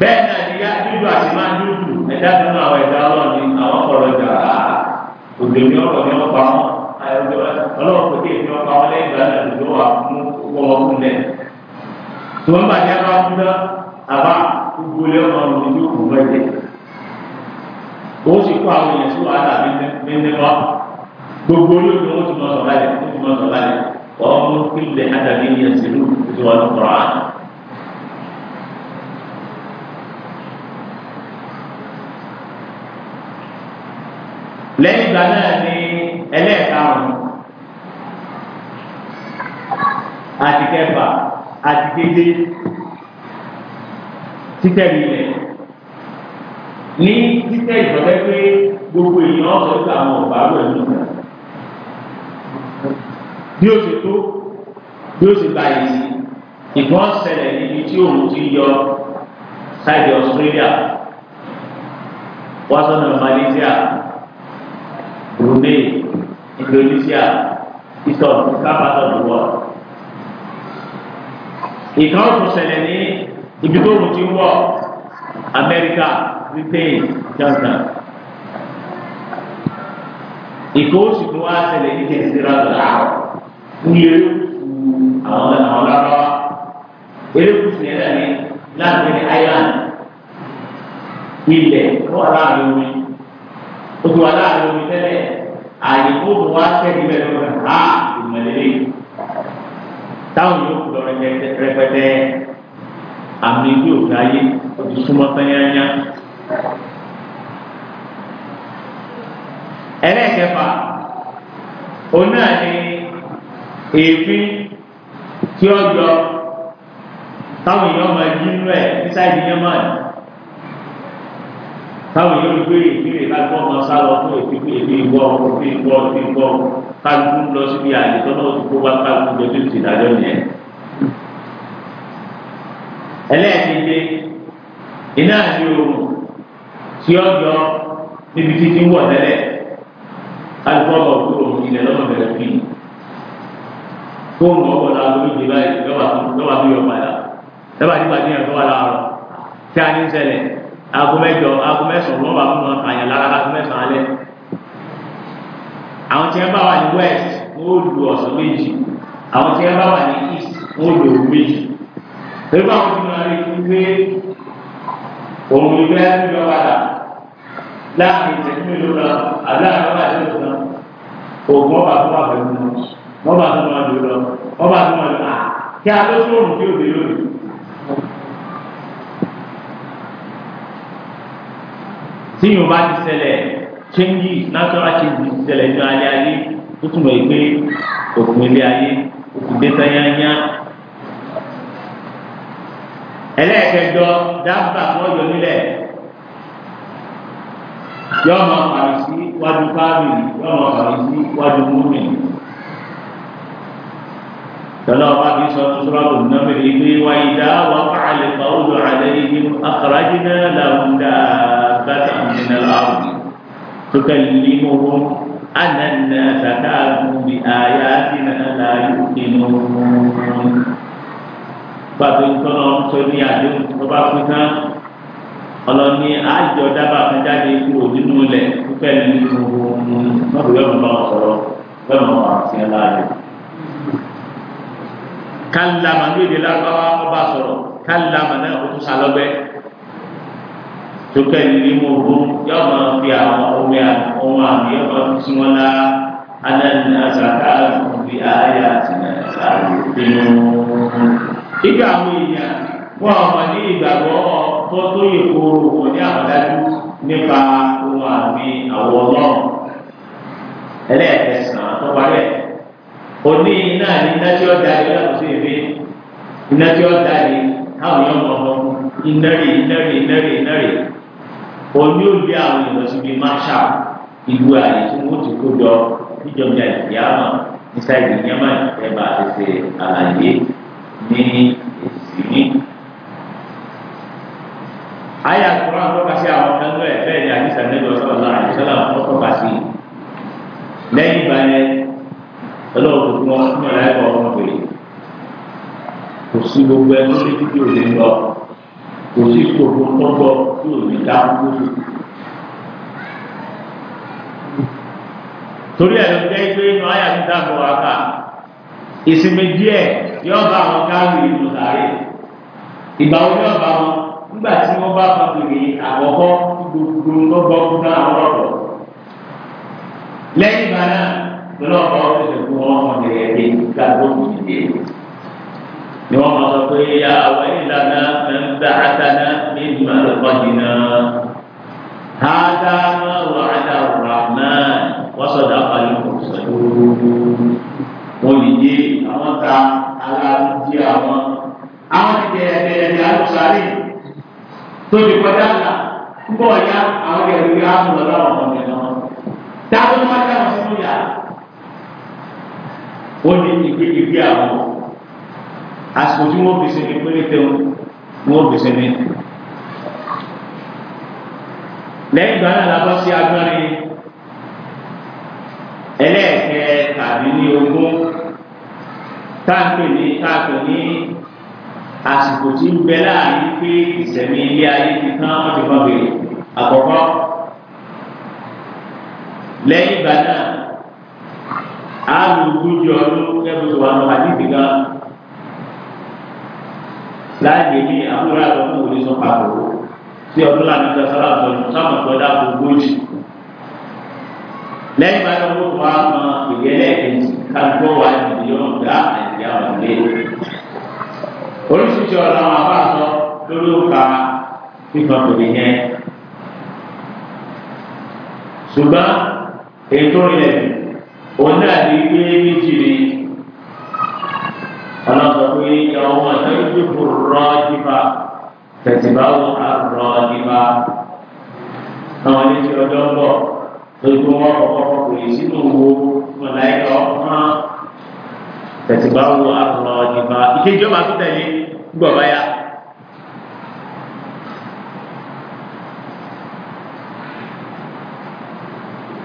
bẹ́ẹ̀ náà ni yá dúdú àti máa dúdú ẹ̀dá nínú àwọn ẹ̀dá ọlọ́run ni àwọn ọ̀pọ̀lọ̀ gbà á òde ní ọ̀rọ̀ ní ọ̀pá wọn ọlọ́run kò dé ní ọ̀pá wọn lẹ́yìn ìgbà náà ló wà mú wọ́n kún lẹ̀. tó ń bàjẹ́ bá kú náà àbá gbogbo ilé ọmọ ọ̀run ni yóò kún lọ́jẹ́. ó sì kó àwọn èèyàn sí wàhálà nínú wa gbogbo olóògbé wọn ti mọ lẹ́yìn ìgbà náà ni ẹlẹ́ẹ̀karùn-ún àti kẹfà àti kéde títẹ̀lé ilẹ̀ ní títẹ̀ ìtọ́jẹ́ pé gbogbo èèyàn ọ̀sẹ̀ tó àwọn ọ̀bá rẹ̀ ní ìgbà bí ó ṣe tó bí ó ṣe gba èyí ìbọn ṣẹlẹ̀ níbi tí òun ti yọ sáìdì Australia wàásù náà Malaysia. Brunei, Indonesia, is of that part of the world. Ìkan ọ̀tún ṣẹlẹ̀ ní ibi tó wù tí ń wọ̀ Amẹ́ríkà, Britain, Johnson. Ìkan oṣù tó wá ṣẹlẹ̀ ní Kẹ̀sìtìrà lọ́la ní erékùsù àwọn àwọn lábáwá. Erékùsù yẹn náà ní láti ní Ireland. Ilẹ̀ wọ́n láàrin omi ó ti wà láàrin omi tẹ́lẹ̀ àyìnbó tó wá tẹ́lẹ̀ ibẹ̀ ló rẹ̀ ha ìmọ̀lẹ́lẹ́ táwọn yóò kú lọ rẹpẹtẹ àmì ìdí òkè ayé ó ti súnmọ́ tányányá. ẹlẹ́ẹ̀kẹfà òun náà ni èéfín tí ó yọ táwọn èèyàn máa yí inú ẹ̀ ní yẹn máa yìí táwọn yóò gbé ìbéèrè lágbọ́n máa sá lọ fún ètùkú èdè ìgbọ́ òfin ìgbọ́ òfin ìgbọ́ kálukú lọ síbi àyè tó náà ti kó wá kálukú lọ sí ìdájọ́ yẹn. ẹlẹ́ẹ̀kejì iná àti oòrùn tí ó yọ níbi títí wọ̀ tẹ́lẹ̀ kálukú ọ̀rọ̀ kúrò ilẹ̀ lọ́nà bẹ̀rẹ̀ fi fóònù ọ̀pọ̀ làwọn méjì báyìí lọ́wọ́ àti yọ̀ padà lọ́wọ́ àti gbàdúrà tó wà láàárọ̀ tí a ní ṣẹlẹ̀ aago mẹ́jọ aago mẹ́sàn wọn wà fún wọn àyàn lára aago mẹ́sàn alẹ́ àwọn tí wọn bá wà ní west wọn ò lu ọ̀sán méjì àwọn tí wọn bá wà ní east wọn ò lu òru méjì pẹ̀lú àwọn tí wọn rí i pé òun ìgbẹ́ yọ padà láàrin ìṣẹ́jú mélòó náà àdáàrọ̀ láti lò náà òògùn ọba tó wà pẹ̀lú wọn wọn bá tó wọn lò lọ wọn bá tó wọn lò à kí a tó tó òrùn tí ò tíyìn bá ti ṣẹlẹ̀ changes natural changes ṣẹlẹ̀ ní alẹ́ ayé ó túmọ̀ yìí pé òkun ilé ayé ó ti dé tányányá. ẹlẹ́ẹ̀kẹjọ dábà wọ́n yọ nílẹ̀ yọ ọmọ àrùsí wájú fámìlì yọ ọmọ àrùsí wájú múmi. فلا رأي سنسرى النمر وإذا وقع القول عليهم أخرجنا لهم دابة من الأرض تكلمهم أن الناس كانوا بآياتنا لا يؤمنون فأنتم تنظرون سوري عجل فبقنا قالوا لي أجل دابة من جاجة تكلمهم ما يوم الله صلى الله عليه وسلم kálàmà ní èdè lárúbáwá ọba sọ̀rọ̀ kálàmà náà kó tó sálọ́gbẹ́ tókẹ́ ní mo bú yọ máa fi àwọn omi àwọn àmì yọ máa fi tiwọn lá anáni àzàká òbí ayé àti nàìjíríà bínú. ìgbà àwọn èèyàn wọn àwọn ní ìgbàgbọ́ tó tó yẹ kóró wọn ní àbádájú nípa ohun àmì àwọn ọlọ́run ẹlẹ́ẹ̀kẹsàn-án tó parí òní iná ní iná tí ó dáre láwọn sí ìwé iná tí ó dáre táwọn yóò mọ ọmọ iná rè iná rè iná rè iná rè òní ó gbé àwọn ìlọsí bíi máṣá ìlú àyè tí wọn ti kó jọ níjọba ìyá náà nísàlẹ̀ ìyá máa ń fẹ́ bá a ṣe àlàyé ní gbogbo ẹni tó ti di òní lọ kò sí gbogbo tọ́gbọ́ tí òní dá lóṣù. torí ẹ̀ ló jẹ́ pé inú ayé àti dàgbọ́ wa kà ìsinmi díẹ̀ yóò bá àwọn káàrí ìlú sáré ìgbà wo yóò bá wọn nígbà tí wọ́n bá fa pèrè àkọ́kọ́ gbogbo lọ́gbọ́ fún àwọn ọ̀rọ̀ lẹ́yìn ìgbà náà lọ́wọ́ ọ̀rọ̀ tó ṣe fún wọn ọmọdé ẹ̀dẹ́ gbàgbọ́ òṣìṣẹ́ ni wọ́n máa sọ pé ya àwọn ìlànà mẹ́ta àtàná ní ìgbà lọ́kọ́ dìnnà. هذا ما وعد الرحمن وصدق المرسلون wọ́n lè dé àwọn ta aláàbùdí àwọn àwọn ti tẹ ẹgbẹ́ ẹgbẹ́ alùsáré tó kọjá là púpọ̀ ya àwọn ẹgbẹ́ ẹgbẹ́ amúlọ́lá ọ̀hún ọ̀hún ẹ̀nà wọn. táwọn máa dáhùn sí ìyá ó ìgbé àwọn àsìkò tí wọ́n fi sinmi péréte wọ́n fi sinmi. lẹ́yìn ìgbà náà la bọ́ sí agbọ́nrin ẹlẹ́ẹ̀kẹ́ tàbí ní ogún táàpì ní táàpì ní àsìkò tí ń bẹ láàrin pé ìsẹ̀mí ilé ayé ti tán wọ́n ti bọ́ bèrè àkọ́kọ́ lẹ́yìn ìgbà náà a lò ogójì ọdún kẹ́bùsùn wa lọ́wọ́ àdìgbì gan láàyè mi àbúrò àlọ́kù wò ní sọ papọ̀ sí ọdún láti gba sọ́lá àtọ́jú sáwọn tó dá ogójì. lẹ́yìn bá yọ owó wa mọ ìgbẹ́lẹ̀ kejì kájọ wa ìdíyọ́ gbà ẹ̀díyà wà lé. oríṣiríṣi ọ̀rọ̀ àwọn àbá àtọ́ lórí òkà fífọ́n kò ní yẹn. ṣùgbọ́n ètò ilẹ̀ òun náà di pé méjì ni ọlọ́sọ̀rọ̀ yìí yà ọmọ sẹ́yìn tó rọ́ọ̀dìbà tẹ̀síbáwò àrọ́ọ̀dìbà àwọn ilé tí ọjọ́ ń bọ̀ lójú wọn kọ̀kọ́kọ́ kò yìí sínú owó mọ̀láyà ọ̀hán tẹ̀síbáwò àrọ́ọ̀dìbà ìkejì ọba tó tẹ̀lé gbọ̀ báyà.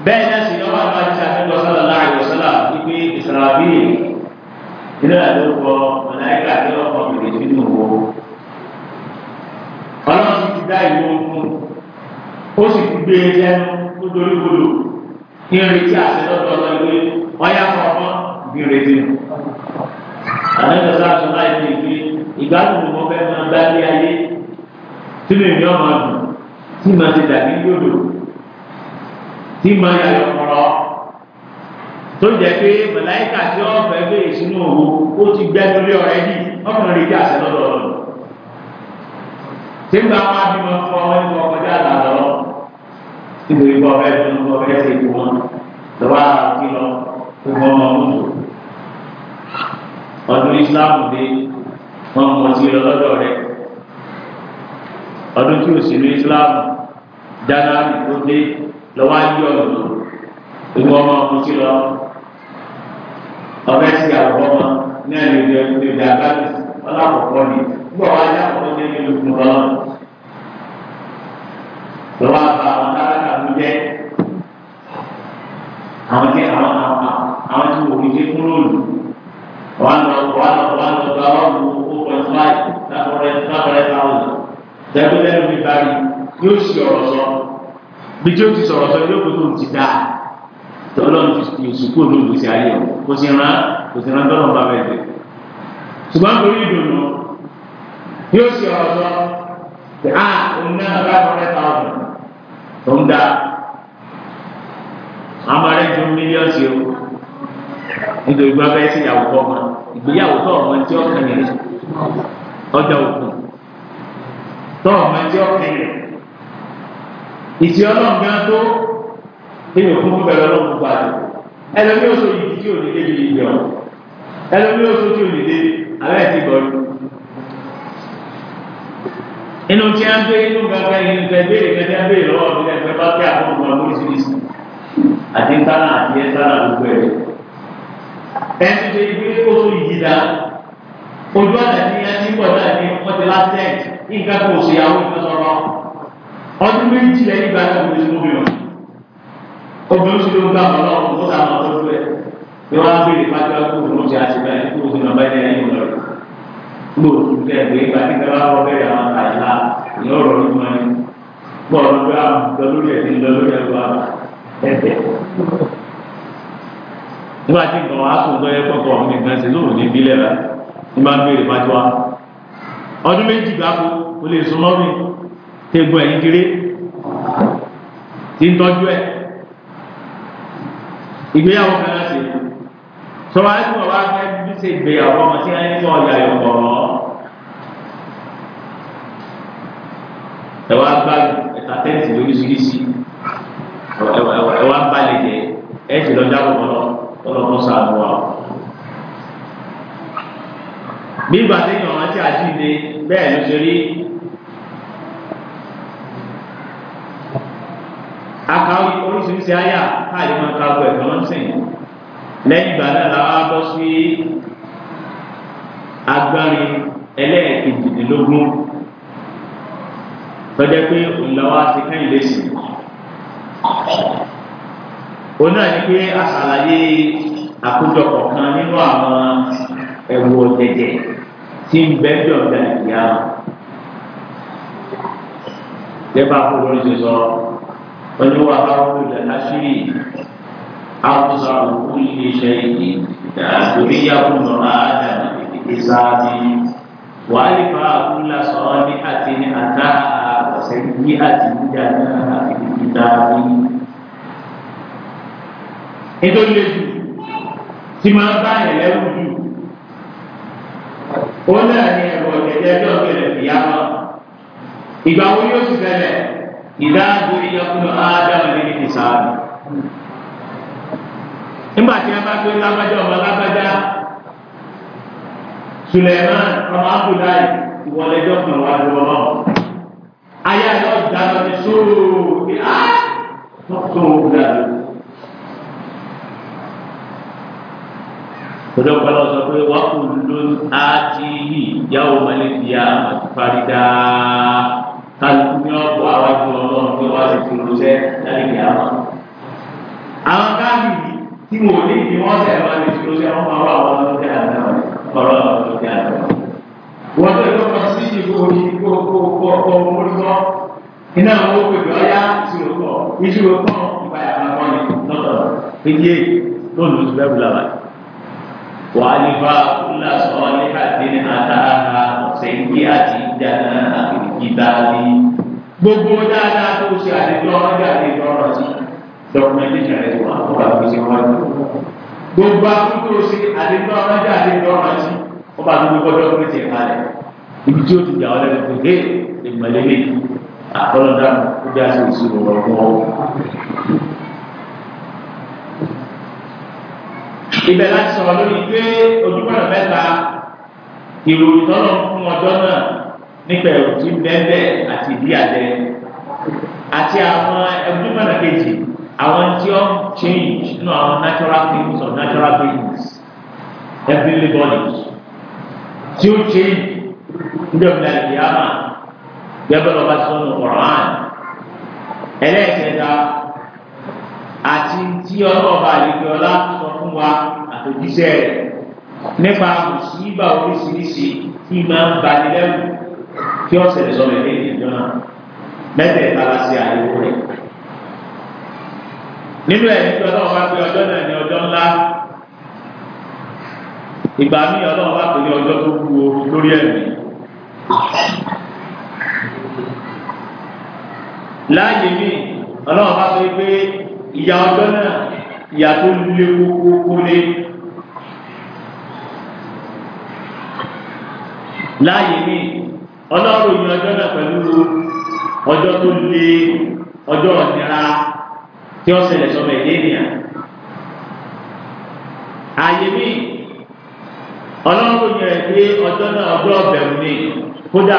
bẹ́ẹ̀ náà sì yọ wà láti ṣàfihàn sọ́lá láàrin ọ̀sọ́lá wípé ìsàlàbí sílẹ̀ ló kọ mọ̀láyíkà tí wọ́n kọ bèrè sínú wo. ọlọ́run ti dá ìlú ogun ó sì ti gbé e lẹ́nu ó dorí kodò ní ìrètí àṣẹ lọ́dọ̀ ọ̀dọ̀ ìwé ọ̀yá kọ̀ọ̀kan bí ìrètí nù. àwọn ẹ̀dọ̀ sáà tó láì ní ìgbé ìgbádùn ni mo fẹ́ máa bá tí mi ní ọmọ dùn tí tó jẹ́ pé màláíkà tí ó fẹ́ bèèrè sínú òun ó ti gbẹ́nu lé ọ̀rẹ́ yìí ọkùnrin rẹ̀ jẹ́ àṣẹ lọ́dọ̀ ọ̀rọ̀ tí ń bá wọn bímọ fún ọmọ ẹni kọkọ dé àlà lọ nítorí kọ ọ̀rẹ́ tó ń kọ ọ̀rẹ́ ṣe kú wọn lọ́wọ́ àwọn kí lọ fún ọmọ ọmọ ọdún ìsìláàmù dé wọn mọ sí lọ lọ́dọ̀ rẹ̀ ọdún tí ò sí ní ìsìláàmù dáná tó dé lọ́wọ́ ayé ọdún ìwọ ọmọ ọmọ sí lọ ọmọ ẹsẹ àlọbọmọ náà lè jẹ lè jẹ abájú ọlọpọpọ ni gbọ wá ní àkọ́kọ́ ní ẹgbẹ́ lókun lọ. lọ́wọ́ àbá àwọn tálákà ló jẹ́ àwọn tí àwọn àwọn tí wò ní kékun lónìí wọ́n lọ wọ́n lọ wọ́n lọ gba wọ́n mú owó point five lábọ̀rẹ́ lábọ̀rẹ́ thousand tẹ́gbẹ́lẹ́ ló fi bá mi yóò sì ọ̀rọ̀ sọ bí tí ó ti sọ̀rọ̀ sọ yóò kó tó ti dáa tọ́lọ́run ti fi oṣù kúrò ní ìgbésí ayé ọ̀ kò sì rán kò sì rán tọ́lọ́run bá bẹ̀rẹ̀ ṣùgbọ́n torí ìdùnnú yóò ṣe ọ̀dọ́ pé a òun náà bá ọ̀rẹ́ ta ọ̀dọ̀ tó ń dá amárẹ́ ju mílíọ̀nù sí o nítorí gbọ́ bẹ́ẹ̀ sí ìyàwó kọ́ ọmọ ìgbéyàwó tó ọmọ tí ó kàn yẹn ọjà òkú tó ọmọ tí ó kàn yẹn ìṣẹ́ ọlọ́ọ̀gá tó kéèyàn kún fún bẹ̀rẹ̀ ọlọ́run gbogbo àjò ẹlòmí oṣù yìí tí ò ní débi ìgbẹ́ ọ̀ ẹlòmí oṣù tí ò ní débi alẹ́ ti gbọ́ ní. inú tí a ń gbé inú gbàgbé inú gbẹ béèrè gbẹ béèrè lọ́wọ́ mi lẹ́gbẹ́ bá fẹ́ àwọn ọmọ ọmọ oríṣiríṣi àti sára àti ẹ sára gbogbo ẹ̀. ẹni tó yẹ pé oṣù yìí dá ojú àdàní ẹni pọ̀ náà ní ọtí lásẹ̀ẹ̀tì nǹkan kò ṣèyàwó ìfẹsọ̀rọ̀ ọdún méjì lẹ́yìn ìgbà náà ló ti mú mi obìnrin sì ló ń gbà wọn lọ wọn sá wọn tó dúró ẹ bí wọn á béèrè fájú akó òun ti àti bẹ́ẹ̀ kó o ti nà báyìí ẹ̀yìn lọ rẹ ló o tún tẹ pé ìgbà tí kẹwàá wọn bẹ̀rẹ̀ àwọn àyà ìyá ọ̀rọ̀ ní wọn ni bọ ọ̀rọ̀ pé àwọn lọ lórí ẹsìn lọ lórí ẹgbẹ́ wa ẹsẹ̀. nígbà tí nǹkan wàá sùn tó yẹ kọkọ ọmọ nǹkan ṣe lóòrùn ní ìbílẹ̀ rẹ ní bá ń béèrè fájú wa ọdún méjì gbáko o lè sún lọ́rùn tẹ́gbọ́ ẹ̀yìn kéré tí ń tọ́jú ẹ̀ ìgbéyàwó kan náà ṣe sọba ẹni wọn bá fẹ́ bí ṣe ìgbéyàwó ọmọ tí wọn ní wọn yà yọ pọ mọ ẹ wá gbá ẹta tẹǹtì lóríṣiríṣi ẹ wá balẹ̀ jẹ ẹ jì lọ jábọ̀ mọ́ ọlọ́mọ sàánú wa. bí ìgbà téèyàn rántí àjíǹde bẹ́ẹ̀ ló ṣe rí akáwé oríṣiríṣi àyà káàdì máa ka gbọ ẹ̀kọ́ lọ́sìn lẹ́yìn ìgbà náà la wá bọ́ sí agbárin ẹlẹ́ẹ̀kejìdínlógún tọ́jẹ́ pé òǹlọ́wọ́ ti kẹ́yìn lẹ́sìn òun náà ni pé àṣàlàyé àkójọpọ̀ kan nínú àwọn ẹ̀wù ọ̀jẹ̀jẹ̀ tí ń bẹ́ẹ̀ bí ọ̀gá ìyá lẹ́bàá kó lórí ṣe فهو حرف الحشر أقصر كل شيء تأثريكم آدم بإحسانه وألفا كل صالحة أتاها وسيئة جناها في كتابه ètò ilé jù tí máa bá ẹlẹ́wù jù ó náà ní ẹ̀rọ ìjẹ́jẹ́ ọjọ́ ìrẹ̀lẹ̀ ìyá náà ìgbà wo yóò sì fẹ́lẹ̀ ìdá àgbórí ọkùnrin ádámù ní ní sáàbì nígbà tí a bá gbé lábájá ọmọ lábájá Suleiman ọmọ Abdullahi ìwọlẹjọ kan wà lọ́wọ́ náà ayé àlọ ìdáná ní sóòrò ní á tọkọ òwúlà lọ. Tọ́jọ́ pẹ̀lú ọ̀sán pé wọ́n kò lóyún á ti yí ìyá òun mọ́lẹ́bí àmọ́ fárídá kálukú ní ọ̀pọ̀ àwájú ọlọ́run pé wọ́n ti tún lọ́sẹ̀ lálẹ́ ìyá wọn. àwọn káàdì tí wò ní ìdí wọn sẹ̀ wọ́n ti tún lọ́sẹ̀ wọn máa wà wọn lọ́sẹ̀ àdáwọn ọ̀rọ̀ lọ́sẹ̀ àdáwọn. wọ́n tó yọ kọ́ sí ìdìbò ní kókó mórúkọ iná àwọn òkèèrè ọ̀yá ìṣòro kọ́ ìṣòro kọ́ ìpayà àpapọ̀ ní lọ́tọ̀ ìdíyẹ lónìí oṣù bẹ́ẹ̀ bùlà ìdáàbí gbogbo dáadáa tó ṣe àdéjọ́ ọjà àdéjọ́ ọ̀rọ̀ sí documentation rẹ̀ tó wà tó wà tó ṣe wájú. gbogbo akúntó ṣe àdéjọ́ ọjà àdéjọ́ ọ̀rọ̀ sí ọba tó gbogbo document ẹ̀ kalẹ̀ ibi tí ó ti jà ọ́ lẹ́nu pé hé ìmọ̀lẹ́lẹ́ àkọlọ́dá ó bí a ṣe ìṣirò ọ̀rọ̀ fún ọ. ibẹ̀ láti sọ̀rọ̀ lórí pé ojúmọ̀ràn mẹ́ta ìròyìn tọ́lọ̀ fún ọjọ́ náà nípa ẹ̀rù tí bẹ́ẹ̀ àti ìdí àjẹ àti àwọn ẹgbẹ́ mọ̀nà kejì àwọn tí ó ń change nínú àwọn natural things or natural beings heavenly bodies tí ó change níbi ọ̀gbìn àti àmà gẹ́gẹ́ lọ́ba sọ́nù ọ̀rán ẹlẹ́ẹ̀kẹta àti tí ọlọ́ọ̀bà àlejò ọlá sọ fún wa àtòjíṣẹ́ rẹ̀ nípa àbùsí ìbà oríṣiríṣi tí máa ń bani lẹ́rù tí ó ṣẹlẹ̀ sọmọ ẹni ìjọ náà mẹ́tẹ̀ẹ̀ta la ṣe àyẹ̀wò rẹ̀ nínú ẹ̀ níbi ọlọ́run bá pe ọjọ́ náà ní ọjọ́ ńlá ìgbà míì ọlọ́run bá pe ní ọjọ́ tó kú ooru lórí ẹ̀mí láàyè míì ọlọ́run bá pe pé ìyá ọjọ́ náà ìyá tó lulẹ̀ kókó lé láàyè míì ọlọ́run yìí ọjọ́ náà pẹ̀lú ọjọ́ tó le ọjọ́ ọ̀nira tí ó ṣẹlẹ̀ sọmọ ẹ̀dẹ́ ènìyàn ààyè mi ọlọ́run yìí ẹ̀dẹ́ ọjọ́ náà ọjọ́ ọ̀bẹ̀rù ni kódà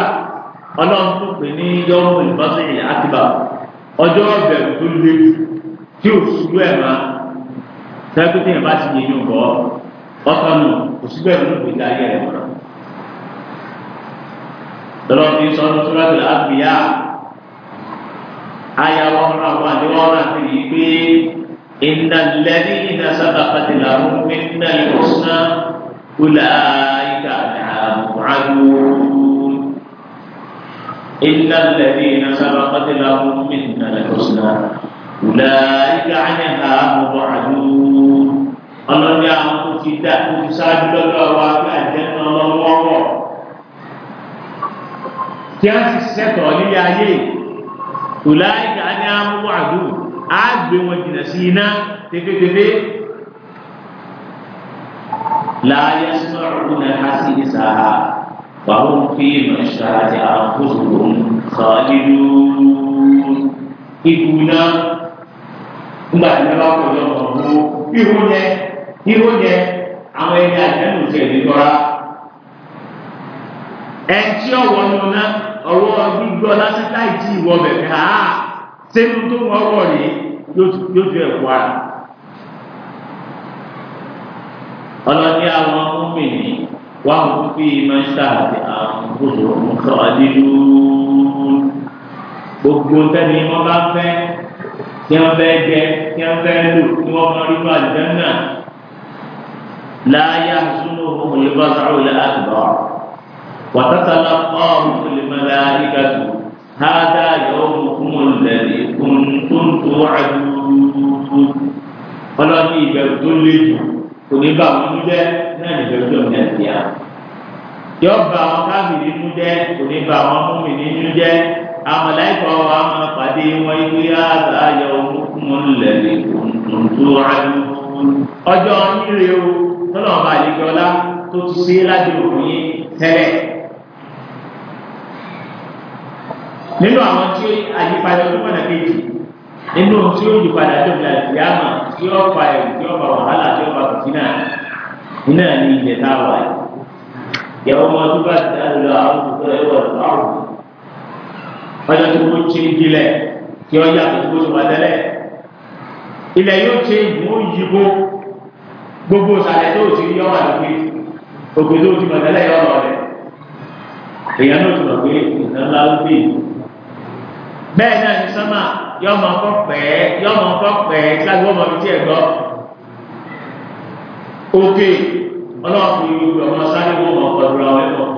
ọlọ́run tó pè ní yọ̀wù ìbọ́sẹ̀ ilẹ̀ àtibá ọjọ́ ọ̀bẹ̀rù tó le tí ò ṣubú ẹ̀ máa sẹ́kítì yẹn bá ti yẹ yóò bọ́ ọkàn nù kò síbẹ̀ nínú ìgbésí ayé rẹ̀ mọ́ra tọ́lọ́ fi sọ ní túrọ́tì lábìyà ayáwó ọ̀rọ̀ àwọn àdéhùn ọ̀rọ̀ àti yìí pé iná lẹ́ni iná sábà pàtìlà ọ̀hún iná ìwòsàn kúlà ìkà àmúhàdù iná lẹ́ni iná sábà pàtìlà ọ̀hún iná ìwòsàn kúlà ìkà àmúhàdù ọlọ́dẹ àwọn tó ti dá tó ti tí a sì sẹ́tọ̀ nílé ayé ọ̀láìkà ní amúwọ́ àdúrà á gbé wọn jìnà sí iná tẹ́fẹ́tẹ́fẹ́ láàyè sọ́ọ̀rù náà á sì ní sàá wàhùn fi mọ̀ṣáàtì àkóṣùgbọ̀n kọ́ọ̀dínlùún ikú náà ńgbà tí wọ́n bá kọ̀ lọ́wọ́ ọ̀hún irú yẹn irú yẹn àwọn ẹni àjẹmùsẹ̀ ìdíjọra ẹ̀ tí ọ̀wọ́ nù náà ọwọ́ gbígbọ́ lásán láì tí ìwọ bẹ̀rẹ̀ ha ṣé inú tó wọ́n wọ̀ rèé yóò ju ẹ̀kọ́ ara. ọlọ́ni àwọn ọmọbìnrin wàhùn fi máa ń ṣáàtì àwọn gbogbo nǹkan ọdínlùún gbogbo tẹ́ni wọ́n bá fẹ́ tí wọ́n fẹ́ jẹ tí wọ́n fẹ́ lò tí wọ́n mọ nínú àjẹ́ náà láyà súnmọ́ òun lè bá sàrò ilẹ̀ àgbà. وتتلقاه الملائكة هذا يومكم الذي كنتم توعدون ọlọ́ni ìbẹ̀rù tó le jù kò ní bá wọn mú jẹ́ náà ní ìbẹ̀rù tó ń jẹ́ sí à. yọ bá wọn káàmìlì mú jẹ́ kò ní bá wọn mú mi nínú jẹ́ àmọ̀láìkọ̀ àwọn pàdé wọn ìwé àgbáyọ̀ òmùkùnmọ̀ lẹ̀lẹ̀ òǹtò àdúgbò. ọjọ́ nílé o tọ́lọ̀ ọba àlejò ọlá tó ti ṣe é lájọ òkú yín tẹ́lẹ̀. nínú àwọn tí ó àyípadà ọdún padà kejì nínú tí ó yípadà jọba ìyáàmà tí ó fa ẹ̀rù tí ó fa wàhálà tí ó fa kùtìnà iná ní ilẹ̀ táwa yìí ìyàwó ọmọ tó bá ti dáhùn lọ àwọn tó tọ́ ẹ̀wọ̀ lọ́wọ́ ọjọ́ tó kó ṣe ń gilẹ̀ kí ọ yàtọ̀ tó ṣe wà tẹ́lẹ̀ ilẹ̀ yóò ṣe ìmú yíbo gbogbo sàlẹ̀ tó ti rí ọmọ àdúgbò òkè tó ti mọ̀ tẹ́lẹ̀ yọ̀ lọ rẹ̀ èèyàn náà ti mọ̀ pé ìtàn ńlá ló dé yìí bẹ́ẹ̀ náà ní sọ́mà yọ ọmọ ọkọ pẹ́ẹ́ yọ ọmọ ọkọ pẹ́ẹ́ lágbo ọmọ mi tí ẹ gbọ́ òkè ọlọ́ọ̀fù yìí wù ọmọ sáré wọ́n mọ̀ ọ̀dùnrà ọ̀rẹ́ mọ̀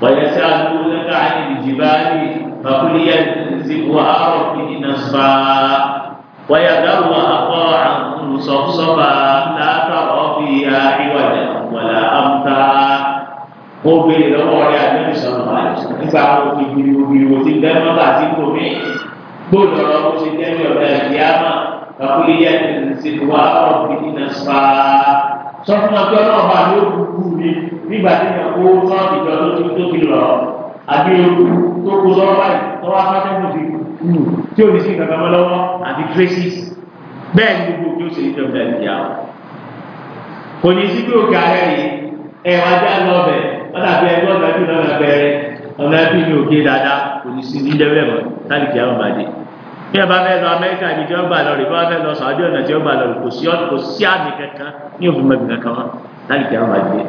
wọ́yẹ sí àdúgbò lẹ́ka àyè ìjìbáyé fàkúlíyà ó béèrè lọ́wọ́ rẹ̀ àbẹ́bí sọ̀rọ̀ nípa àwọn ìgbìmọ̀ ìgbìmọ̀ tí bẹ́ẹ̀ mọ́tò àti gbòmí gbòdò ọ̀rọ̀ ó ṣe jẹ́ ìyọ̀dà ìyáàmà kàkúlé yẹ ìṣèlúwà ọ̀rọ̀ ìdí náà spa sọ́kùnà tó náà bá ló kúkú ni nígbà tí yẹn kó sọ́ọ̀ ìjọ tó ti tó fi lọ àbí okú tó kó sọ́ọ̀ báyìí tó wá sọ́ọ̀ tẹ́kùn ti kú tí ò wọ́n dàbí ẹgbẹ́ ọ̀nà ẹbí náà bẹ̀rẹ̀ ọ̀nà ẹbí mi ò gé dáadáa kò ní sí nílẹ̀ bẹ́ẹ̀ mọ́ láti kí àwọn bàdé. bí ẹ bá fẹ́ lọ amẹ́ríkà ibi tí wọ́n gbà lọ rè bí wọ́n fẹ́ lọ sàwọ́dí ọ̀nà tí wọ́n gbà lọ rè kò sí àmì kankan ní òfin mẹ́bí kankan wọn láti kí àwọn bàdé.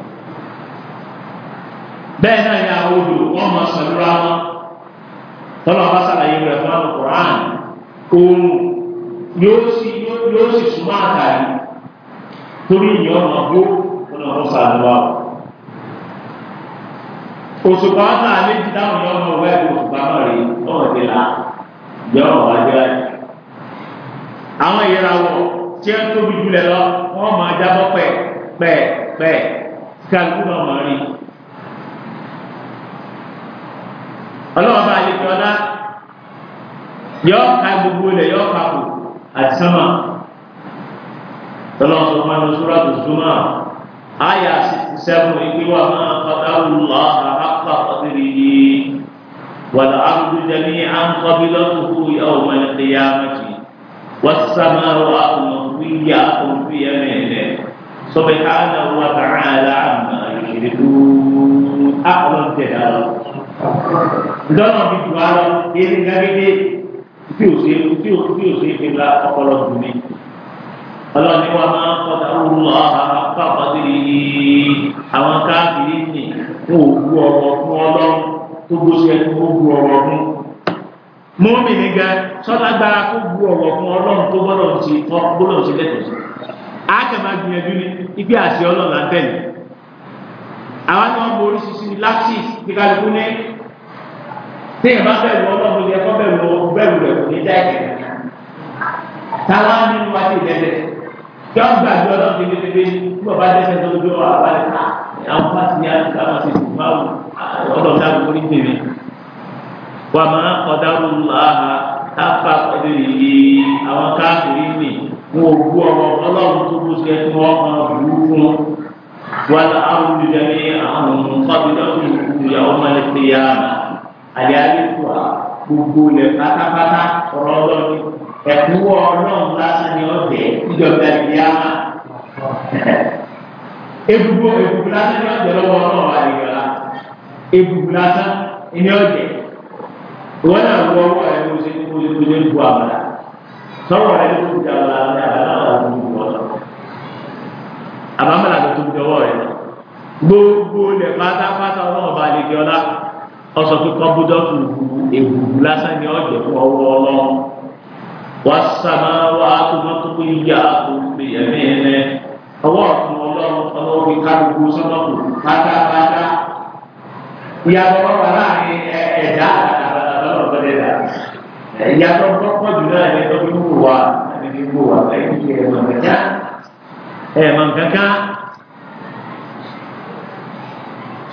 bẹ́ẹ̀ náà ni àwọn odò wọ́n mọ sọ̀rọ̀ wọn tọ́lọ́ bá sàlàyé rẹ̀ fún àwọn Quran òun yóò sì yóò sì súnmọ́ àtàrí torí ìyọ́nà ọgbó ọ̀nà ọ̀sán àdúrà òṣùpá ọ̀sán àlejò táwọn yọ ọmọ wẹ́ẹ̀ òṣùpá náà rí ọ̀ọ́dẹ la jọ ọ̀wá jẹ́ àwọn ìyẹrawọ̀ tí ẹ tóbi jùlẹ̀ lọ wọ́n máa jábọ́ pẹ̀ pẹ̀ pẹ̀ kálukú náà máa rí ọlọ́wọ́ bá àlejò ọlá yọ ọ̀ka gbogbo rẹ̀ yọ ọ̀ka kù àti sánmà tọ́lọ́sọ̀ọ́mọ́ ní sùúrà tó súnmọ́ àyà sí sẹ́wọ̀n ìpè wà máa fàtàlù lọ́ha àpá ọ̀dẹ̀rẹ̀ yìí wàlá àrùn jẹ̀mí à ń kọ́ bí lọ́kùnkù yàwó mẹ́lẹ̀ tẹ̀ yá mẹ́tì wàsàmà wà ọ̀nàfíyà ọ̀nàfíyà mẹ́lẹ̀ sọ̀bẹ̀ káàdà wà tàcàlà àmà ìṣèlú àwọn tẹ̀ dà lọ. lọ́nà bí wàá lọ kí ẹni gàgídé tí ò sí tí ò sí ìfẹ́ ọlọ́ni wa máa ń kọ́ta wúlò àpá ọ̀dẹ́rì yìí àwọn káàkiri ní fún òwú ọ̀rọ̀ fún ọlọ́run tó bó ṣe ẹni tó bu ọ̀rọ̀ fún. mọ́mí mi gan sọ́lágbára kó bu ọ̀rọ̀ fún ọlọ́run tó gbọ́dọ̀ ti kọ́ gbọ́dọ̀ ti lẹ́tọ̀ọ́ sí. a kàn máa gbìyànjú ní ibi àti ọlọ́run là ń tẹ̀lé. àwọn tí wọ́n bu oríṣiríṣi láti kíkálukú ní téèyàn bá bẹ̀rù ọlọ́run yẹ kọ́ bẹ̀rù bẹ̀rù rẹ̀ kò ní dá ẹ̀kẹ́ tàwa nínú wa ti dẹ́dẹ́ kí wọ́n gbàgbé ọ̀dọ́ pépépépé tí wọ́n bá dẹ́sẹ̀ tó lójú ọ̀rọ̀ àbálẹ̀ ká àwọn bá ti yá nípa wọn ti sùn báwo ọ̀dọ̀ ọ̀dà gbogbo ní tèmi. wà á máa ọ̀dà lóru àhà táfà pẹ̀lú ìyè àwọn káàkiri mi wọn ò gbú ọmọ ọlọ́run tó bó ṣe fún ọmọ ìlú fún wọn lọ àwọn olùdarí àwọn nǹkan ìyàwó máa ń ṣe yára àyà gbogbo lẹ pátápátá ọ̀rọ̀ ọlọ́run ẹ̀kúnwọ́ ọlọ́run lásán ni ọ̀dẹ́ ìjọba ìdíyàmá ebubu ebubu lásán ni ọ̀dẹ́ lọ́wọ́ ọlọ́run àdìgbàlá ebubu lásán ni ọ̀dẹ́ wọn náà wọ ọwọ́ ẹ̀ ló ṣe kó ló lè bu àbàlà sọ̀rọ̀ ẹ̀ ló kú jàmbá ní àbàlà ọ̀hún ló bu ọ̀dọ̀ àbámọ̀lá tó tóbi ọwọ́ rẹ̀ gbogbo lẹ̀ pátápátá ọlọ́run bá lè jọ lá ọ̀sọ̀ tó kọ́ bójọ́ tó ebubu lásán ni ọ̀dẹ́ fún ọwọ́ ọlọ́run. والسماوات مطويات بيمينه ọwọ́ọ̀tún ọlọ́run ọlọ́run ìkálukú sọ́dọ̀kù pátápátá ìyàtọ̀ ọ̀pá láàrin ẹ̀dá àtàlọ́lọ́gbẹ̀dẹ̀dà ìyàtọ̀ ọ̀pọ̀ jù náà ní ọdún mú wa ẹni ní mú wa ẹni ní ẹ̀mọ̀ kankan ẹ̀mọ̀ kankan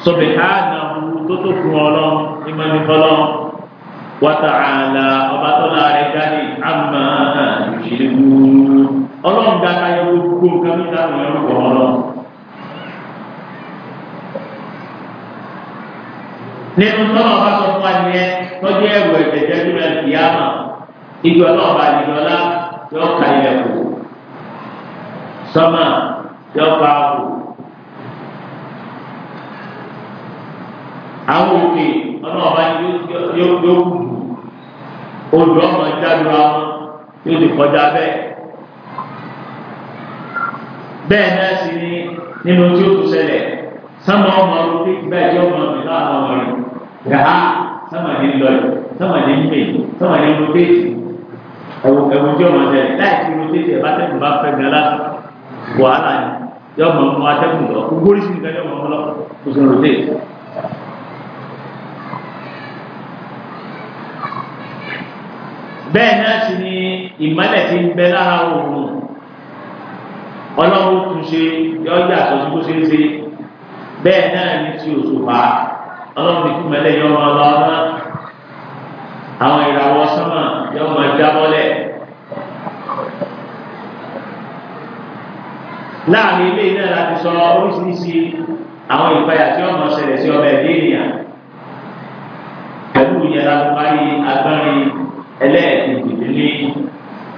sọ̀bẹ̀ ká nà mú tó tó fún ọlọ́run ní mọ̀ wàtàlà ọba tó la rẹ̀ jáde àmà ìṣèlú ọlọ́run dáka yẹ gbogbo nǹkan mi dáhùn ẹ̀rọ pọ̀ ọ́nà. nínú sọ́nà ọba sọ fún wa nìyẹn tọ́jú ẹ̀rù ẹ̀jẹ̀ jẹ́jú rẹ̀ sí àmà ìjọ náà bá ìjọ lá yọ ká ilẹ̀ kù sọ́mà yọ pa kù. àwọn òkè ọlọ́run bá yóò kú odò ọmọ jáde wa wọn yóò ti kọjá bẹ́ẹ̀ bẹ́ẹ̀ náà sì ni nínú tí ó tún ṣẹlẹ̀ sámà ọmọ ọdún tí bẹ́ẹ̀ tí ọmọ mi náà àwọn ọmọ rẹ̀ gàá sámà ní lọ yìí sámà ní mè sámà ní rotéètì ẹ̀wù ẹ̀wù tí ọmọ ṣẹlẹ̀ láì sí rotéètì ẹ̀ bá tẹ̀kùn bá fẹ́ gan lásán wàhálà ni yọmọ ọmọ atẹ́kùn lọ gbóríṣìí nǹkan yọmọ ọmọ lọ bẹ́ẹ̀ náà sì ni ìmọ́lẹ̀ ti ń bẹ lára òun ọlọ́run tún ṣe yọjà sọ́sí bó ṣe ń ṣe bẹ́ẹ̀ náà ni ti òṣùpá ọlọ́run ikú mẹ́lẹ̀ yọ ọmọ ọlọ́ náà àwọn ìràwọ̀ sánmà yọ ọmọ ìjábọ́lẹ̀ láàrin ilé náà láti sọ oríṣiríṣi àwọn ìpayà tí ọmọ ṣẹlẹ̀ sí ọmọ ẹ̀dẹ́ pẹ̀lú ìyẹn láti parí agbárin ẹlẹ́ẹ̀kejì ní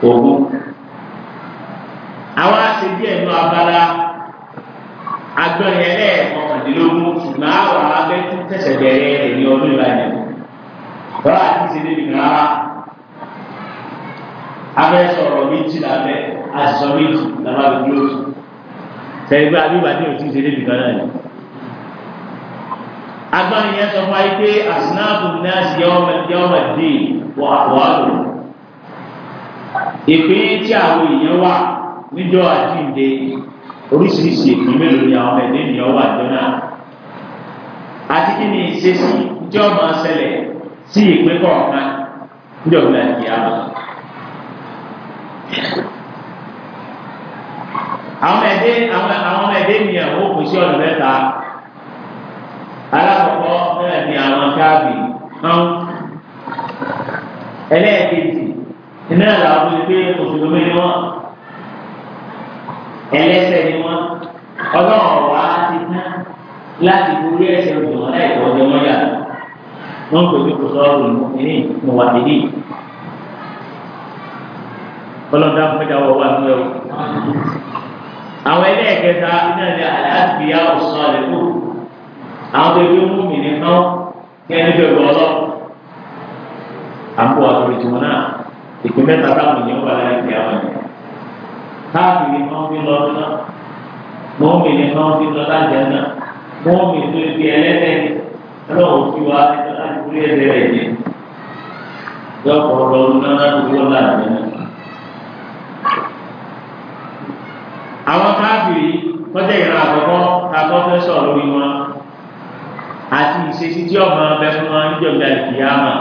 ogún. àwọn aṣèjì ẹ̀nu abala agbọ́n yẹn lẹ́ẹ̀kọkàndínlógún ṣùgbọ́n àwọn abẹ́tú tẹ̀sẹ̀ bẹ̀rẹ̀ ẹ̀mí ọdún ìbàdàn. tọ́lá àti ṣe débi kan á abẹ́ sọ̀rọ̀ méjì lábẹ́ àṣìṣọ́ méjì lábàbí gílóòtù sẹ́yìn pé abíbá ní òtún ṣe débi kan náà ni. agbọ́n yẹn sọ fún wa pé àṣìnáàbù náà wàhálù ìpín tí àwọn èèyàn wà níjọ́ àjíǹde oríṣiríṣi ìpín mélòó ni àwọn ẹ̀dẹ́ ènìyàn wà jọ́nà àti kí ni ìṣesí tí ọmọ ṣẹlẹ̀ sí ìpín kọ̀ọ̀kan níjọ́ ìgbà ìyàwó. àwọn ẹ̀dẹ́ àwọn ẹ̀dẹ́ ènìyàn ó kù sí ọ̀nà mẹ́ta alákọ̀ọ́kọ́ náà ni àwọn káàbì náà ẹlẹ́ẹ̀kejì iná làwọn ti pé mùsùlùmí ni wọ́n ẹlẹ́sẹ̀ ni wọ́n ọlọ́run wá ti tán láti borí ẹsẹ̀ òjòwọ́n náà ìwọ́n jẹ wọ́n yà wọ́n pè mí kò sọ́ọ́ rò ní ìwàdìdì ọlọ́dà fẹ́jà wọ́n wà nílẹ̀ o. àwọn ẹlẹ́ẹ̀kẹta iná ni àlàáfíà ọ̀sán rẹ̀ àwọn tó yẹ mú mi nìkan kí ẹni bẹ̀rù ọlọ́run àpò àtòrí tiwọn náà ìpín mẹ́ta táwọn èèyàn wà láyé pé àwọn èèyàn káàkiri kan fi lọ ọdún náà mọ́ọ̀mì ni kan fi lọ lájẹ náà mọ́ọ̀mì tó ti ẹlẹ́dẹ̀ ọlọ́run fi wá láti kúrẹ́ ẹ̀dẹ̀ rẹ̀ jẹ lọ́pọ̀ ọlọ́run náà láti wọ́n láàjẹ náà. àwọn káàkiri kọjá ìran àkọ́kọ́ ta kọ́ fẹ́ sọ̀rọ̀ lórí wọn àti ìṣesí tí ọmọ abẹ fún wọn níjọba ìkìyàmà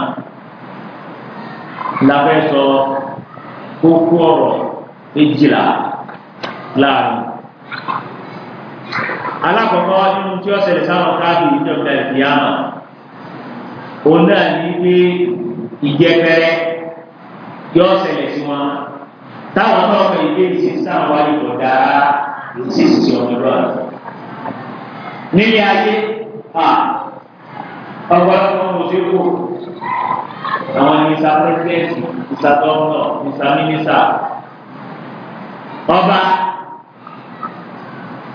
labẹ́ sọ kókó ọ̀rọ̀ méjìlá láàrin. alákọ̀ọ́kọ́ nínú tí ó ṣẹlẹ̀ sáwọn káàdì ìjọba ìfìyàmà òun náà ní pé ìjẹpẹrẹ yóò ṣẹlẹ̀ sí wọn táwọn náà fẹ́ ìdí ìsìn sáwọn wáyé kò dáa ìsìn sí ọ̀dọ́ àná. nílé ayé ọ̀pọ̀lọpọ̀ mọ̀ṣẹ́kù àwọn mísà misa mísà misa mísà mínísà ọba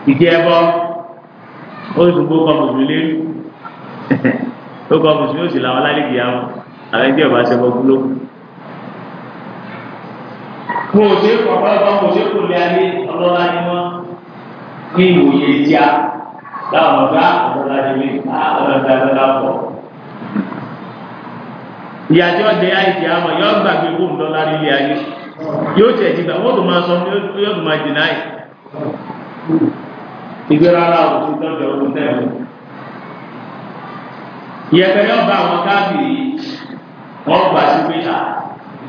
ìdí ẹbọ ó sì gbó kọ mùsùlùmí lérí ó kọ mùsùlùmí ó sì làwọn lálẹ́gì àwọn àwọn ẹgbẹ́ ọba ṣẹbọ gbúló. mo ò ṣe kọ̀ ọ́ mo ṣe kò lé ayé ọlọ́lá ni wọ́n ní ìwòye tíá láwọn ọ̀gá ọ̀gá a mi àwọn ọ̀gá ọ̀gá bọ̀ ìyá tí wọ́n jẹ àìsí àmọ́ yóò gbàgbé owó ń dọ́là nílé ayé yóò tẹ̀ jìgbà wọ́n tó máa sọ yóò tó máa dìnnà yìí ìgbéraga òtún tọ́jú ọdún tẹ́lẹ̀ yẹpẹrẹ ọba àwọn káàkiri wọn gbà sí pé à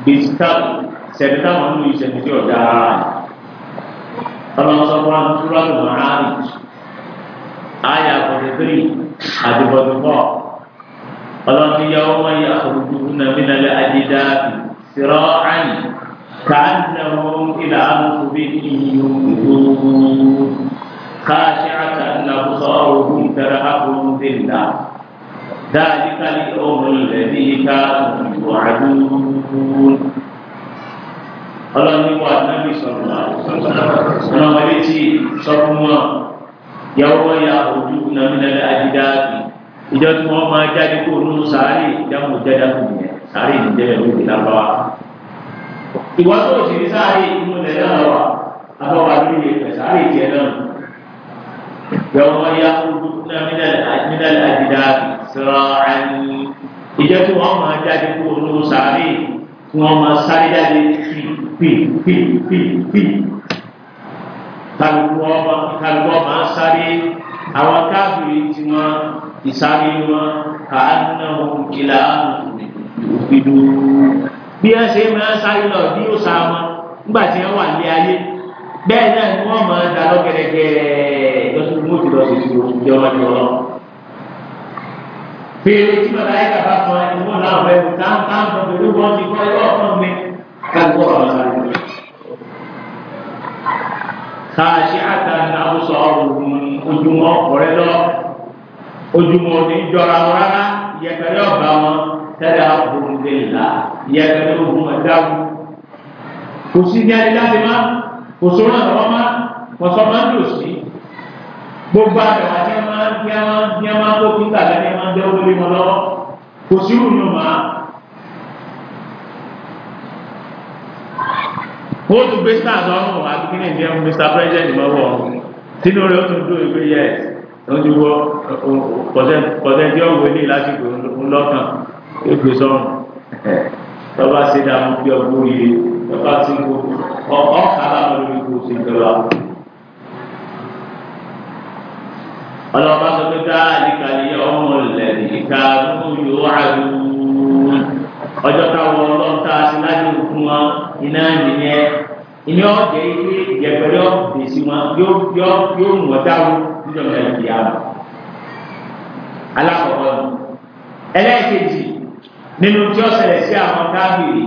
gbèsè táwọn sẹbi táwọn ń lu ìṣẹ̀lẹ̀ tí ọ̀dà ara rẹ̀ ọlọ́sọ fún àwọn túrọ́ọ̀lù mọ́ra rẹ̀ àyà fọ̀tẹ̀tẹ̀rì àti fọ̀tẹ̀fọ̀ọ́ ọlọ́ni yà wọ́n wáyé àkọ́kọ́ náà mìíràn lé àdídá sírọ́ àyè káàdìnà wọn ilà àmọ́kù bí ìyó gbogbo káàṣì àtà nàbùsọ̀ ọ̀hún tẹ̀rẹ̀ àbùrù dèlà dáadíkà ní ọ̀hún lẹ́bí ká ọ̀hún àdúrún. ọlọ́ni wà nábì sọ̀rọ̀ tí sọ wọn yà wọ́n wáyé àkọ́kọ́ náà mìíràn lé àdídá sírọ́ ìjọ tí wọ́n máa jáde kó nínú sàárè ìdáhùn jáde kù yẹn sàárè ìdíjẹ́ ló ti lábáwá. ìwọ́n tó ti ní sàárè inú rẹ̀ náà wà abáwá lórí ìfẹ́ sàárè tiẹ̀ náà. yọ̀wọ́ ya kúrú náà mínàlì àdìdá sọ̀rọ̀ àní. ìjọ tí wọ́n máa jáde kó nínú sàárè tí wọ́n máa sáré jáde pìpìpìpìpì. kálukú ọmọ kálukú ọmọ sáré àwọn káàbìrì tí wọ́n ìsáré wọn kàánà òkìlà ìdò bí ẹ ṣe máa sáré lọ bí ó sá wọn nígbà tí wọn wà ní ayé bẹ́ẹ̀ náà ni wọn máa da lọgẹrẹgẹ lọsùn mọtò lọ sí ìṣòro ìjọ wọn jọ lọ. fèrè tí bàbá yẹn kàbá kan ẹni wọn náà fẹẹ mú táǹtàn kan pẹ̀lú wọn ti kọ ẹgbẹ́ ọkàn mi káàkiri wọn lọ sáré lọ. kàṣíàtà náà sọ ọrùn ojú wọn ọ̀rẹ́ lọ ojúmọ́ ní jọra wọn rárá ìyẹpẹrẹ ọba wọn tẹ́lẹ̀ àbúrúdé ńlá ìyẹpẹrẹ ogun ẹdáwó kò sí ní adéjáde má kò sóràn ọ̀rọ̀ má kò sọ má dùn sí gbogbo àgbàwà ní ẹmá ní ẹmá ní ẹmá tó kí tàbí ní ẹmá jẹ́ olórí wọn lọ́wọ́ kò sí ìròyìn ọmọ ó tún gbé sáà lọ́rùn àti kí ní ìdí ẹmu Mr. President lọ́wọ́ sínú rẹ̀ ó tún dún ìgbéyẹ̀ wọ́n ti wọ́ pọ̀sẹ̀ntì ọ̀wọ́ ilé lásìkò ńlọ́kàn égbè sọ́run tọ́ba ṣe dààmú bí ọgbọ́n yìí tọ́ba ṣe kó ọ̀ọ́kà láwọn lórí kó ṣe jọba. ọlọ́ba sọ pé ká àdìkàlì ọmọ ìlẹ̀dì ìka lóyún àdúrún ọjọ́ táwọn ọlọ́ta sí láti fún wọn iná nìyẹn iná ọ̀jẹ̀ ilé ìjẹ̀pẹ̀rẹ̀ ọ̀bẹ̀sí wọn yóò mú ọ dáwọ́ níjọba ìdí àmọ́ alákọ̀ọ́kọ́ ni ẹlẹ́ẹ̀kejì nínú tí ó ṣẹlẹ̀ sí àwọn káàbìrì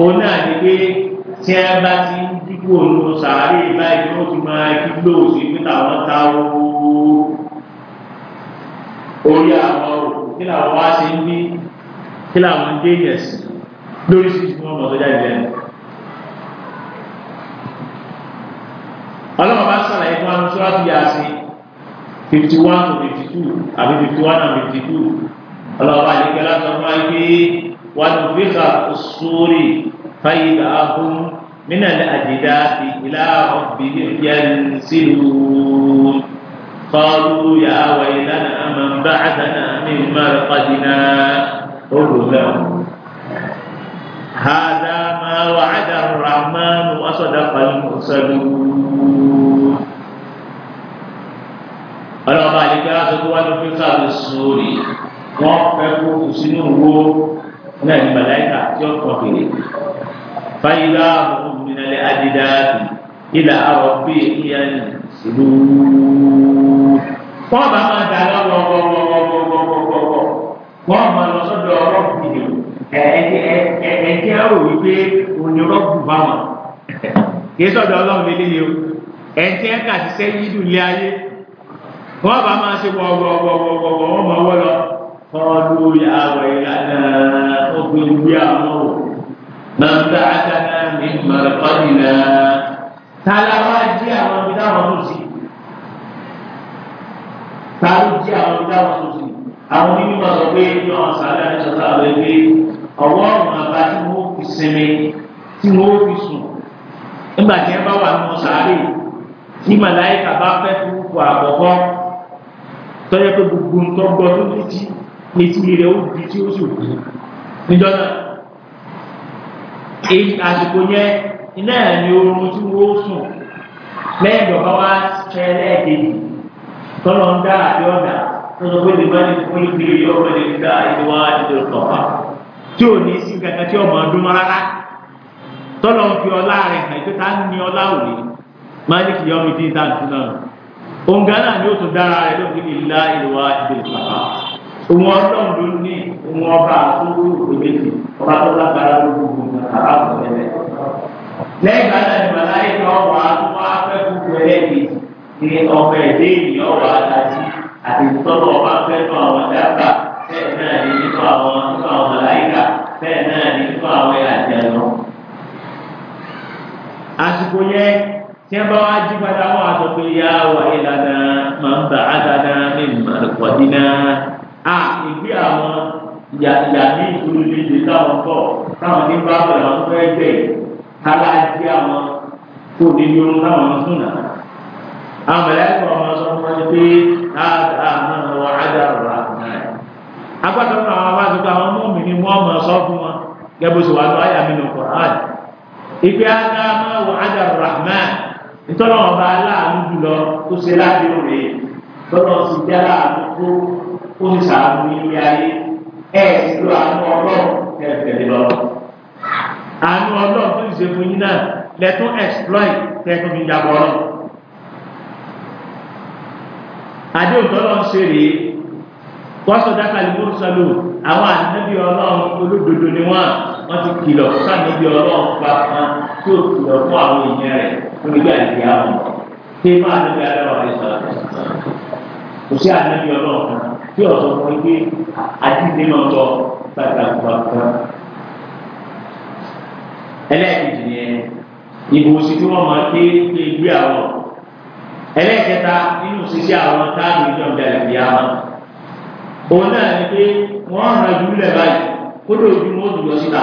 òun náà ni pé tí ẹ bá ti ń dínkù òun sàárè báyìí ó ti máa kí lóòsì pé táwọn ta ooo orí àwọn òkú kí làwọn wá ṣe ń bí kí làwọn ń déyẹ̀ sí lórí sí ìfún ọmọ tó jáde lẹ́nu. ọlọ́run bá sàlàyé àwọn sọ́ra tó yà sí fifty one to fifty two àbí fifty one and fifty two ọlọ́wọ́ àdìgẹ́ lásán fún wa pé wà ní fíkà sórí fàyídà ahùn mínà ní àdìdá ti ilá ọ̀bì yẹn sílùú kọ́ọ̀lù yà wà ìlànà àmà bá àtànà ní ìmọ̀ràn pàdínà olùdáwọ̀. هذا ما وعد الرحمن وصدق المرسلون ọlọ́ba àlejò aṣojú wájú fíkà ló sóòrè wọ́n fẹ́ kó kù sínú owó náà ní màláìkà tí ó kọ̀ kéré fáyidá àwọn òmìnirẹ adídáàbì ilà àwọ̀ bíi ìyẹn ìlú. wọ́n bá máa dà lọ́wọ́ gbọ́gbọ́gbọ́gbọ́gbọ́gbọ́ wọ́n máa lọ sọ́dọ̀ ọ̀rọ̀ kùnìyàn ẹ̀ẹ́dẹ́ àrò wípé onírọ̀ bù bá wọn kì í sọ́dọ̀ ọlọ́run lélẹ́yìn o ẹ̀ẹ́dẹ́ kà sí sẹ́yìn ìdúlé ayé wọ́n bá máa ṣe wọ̀wọ̀wọ̀wọ̀wọ̀ wọ́n máa wọ́ lọ wọ́n lórí àwọ̀ ìlànà ọgbìn ìwé àwọn ò máa ń bá àdáná ní mọ̀lẹ́kọ́nìlá táláwá jí àwọn ibi táwọn tó sí táwọn jí àwọn ibi táwọn tó sí ọwọ́ ọ̀run àbá tí wọ́n fi sinmi tí wọ́n fi sùn tọ́jọ́ pé gbogbo nǹkan gbọ́ tó ní tí etí rẹ̀ ó di tí ó sì kú níjọ́ náà èyí àsìkò yẹn iná ẹ̀ ní oorun tí wọ́n sùn lẹ́yìn ìjọba wa ṣẹ́ lẹ́ẹ̀kejì tọ́lọ́ ń dá àbí ọ̀dà tó sọ pé lè má lè fún ìpínlẹ̀ yọ ọmọ lè dá ìdíwá ìdíwá ìtọ̀fà tí ò ní sí kankan tí ọmọ ọdún rárá tọ́lọ́ ń fi ọlá rẹ̀ hàn ìpẹ́ta ń ní ọlá òní má ní kìí ọmọ ìdí ìtàn náà òǹgá náà ni ó tún dára rẹ̀ lóògbé ìlà ìwà ìdè ìpàpà òun ọlọ́run ló ní òun ọba àtúntò ìgbèjì ọba tó lágbára gbogbo àrà ọ̀rẹ́lẹ̀ lẹ́yìn bàtà ìgbà láyé ní ọwọ́ àtúwọ́ afẹ́ gbogbo ẹlẹ́gbẹ̀ẹ́ ní ọba ẹ̀dẹ́ ènìyàn ọba àtàjì àti ìtọ́lọ̀ ọba afẹ́ fún àwọn dábà bẹ́ẹ̀ náà ní nípa àwọn nípa àwọn màláìkà bẹ́ẹ̀ náà ní nípa àwọn àjẹ́ lọ. àsìkò yẹn tí wọ́n bá wá jí padà wọ́n á sọ pé yá wà ìlànà máa ń bà á dáadáa ní ìmọ̀lẹ́kọ̀dí náà à ìgbé àwọn ìyàtìyà ní ìṣòro léde táwọn kọ̀ táwọn ní bá bẹ̀rẹ̀ wọn fẹ́ gbẹ̀ kálá jí àwọn kó ní ní orun táwọn ń sùn náà. àwọn mẹ̀lẹ́kọ̀ ọmọ sọ fún wọn pé àgbà náà wọ́n á dá ọ̀rọ̀ náà. agbátọ̀ náà wọ́n wá sọ àwọn mọ́ọ̀mì ni wọ́n mọ̀ sọ fún wọn gẹ́gẹ́ bó ṣe wà lọ́ nítorí wọn bá aláàánú jùlọ tó ṣe láti òwe lọ́dọ̀ sì jẹ́ aláàánú tó ó sì sàánú ilé ayé ẹ̀ sì lọ àánú ọlọ́run ẹ̀ tẹ̀lé lọ. àánú ọlọ́run tó ṣe fún yín náà lẹ́tún exploit tẹ́tún fi yàgò ọlọ́run. àdéhùn tó lọ́n ṣe rèé wọ́n sọ dákàlì mọ́sálò àwọn ànábì ọlọ́run olódodo ni wọ́n wọ́n ti kìlọ̀ sáni bí ọlọ́run pa kan tí ó kìlọ̀ fún àwọn èèyàn rẹ̀ nígbà ìdí àwọn tí máa ní bí rẹ̀ sọ̀rọ̀ kò sí àná bí ọlọ́run kan tí ọ̀sọ̀ fún ẹgbẹ́ àdídé náà tọ́ kan. ẹlẹ́ẹ̀kejì ni ẹ ìbòsí tí wọ́n máa ké lé gbé àwọn ẹlẹ́ẹ̀kẹta nínú ṣíṣe àwọn táàmù ìjọba ìdíyàmọ́ òun náà ni pé wọ́n ràn jùlẹ̀ kódò ojú mọ́ ojú lọ síta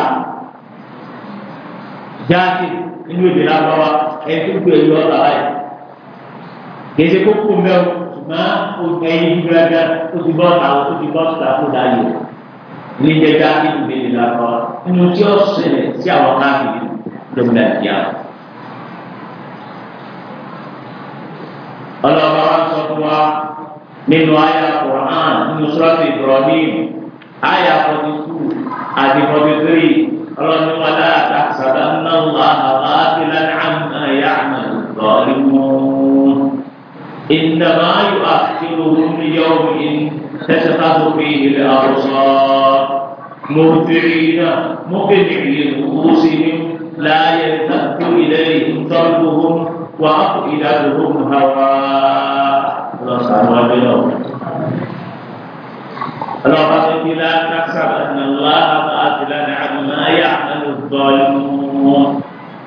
jáde nínú èdè lábáwá ẹni tó gbé ẹyọ ọ̀tà láyé kèsì kókó mẹ́wọ́ ṣùgbọ́n ẹyin gbẹ́gbẹ́ ó ti bọ́ ọ̀tà ó ti bọ́ ọ̀tà kó dá yẹ ní jẹjẹ nínú èdè lábáwá nínú tí ó ṣẹlẹ̀ sí àwọn káàkiri lọ́mọdé àti àwọn. ọlọ́ba wa sọ fún wa nínú ayé àkùrán nínú sọ́ọ̀tì Ibrahim àyà forty two àti forty three ọlọ́ni wọn dáa ta sàdá ńlá wà àwọn abilá àmà yà àmà lọ́ọ̀lì wọn. ìdàmà yóò àkìlò wọn yóò mi tẹsán tó fi ilé àwòsàn mọ̀tìrìnà mọ̀kẹ́nìyàn wọ́sìn láyé tàbí ilé ìtọ́jú wọn wà á kó ìdájọ́ wọn hàwá lọ́sàn-án wọn bí lọ́wọ́ ọlọ́ba tó fi lá káṣá ẹ̀nàlá àbáàtìlá ní àmàyà ẹ̀lùbọ̀ ìmọ̀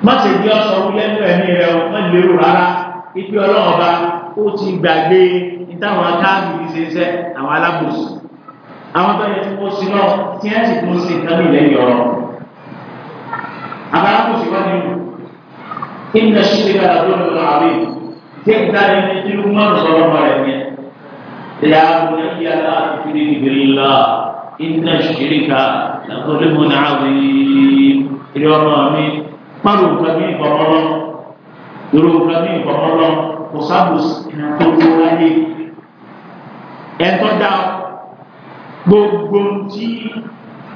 má ṣe bí ọ sọ wílẹ̀ ní ẹ̀mí rẹ o má lérò rárá ibi ọlọ́ọ̀ba ó ti gbàgbé ìtàwọn akáàbì ìṣeṣẹ́ àwọn alábòsí àwọn tó yẹ kó sí náà tí ẹ̀ sì kún sí nǹkan mi lẹ́yìn ọ̀rọ̀ àbálábòsí wọ́n ní ìmọ̀ ṣíṣe kára tó lọ́ọ́ àwẹ̀ tí ìgbà yẹn ti rú mọ́ يا بني لا تشرك بالله إن الشرك لظلم عظيم اليوم أمين مروا كمين فرمنا دروا كمين فرمنا وصابوس تقول عليه ẹ̀tọ́ dá gbogbo tí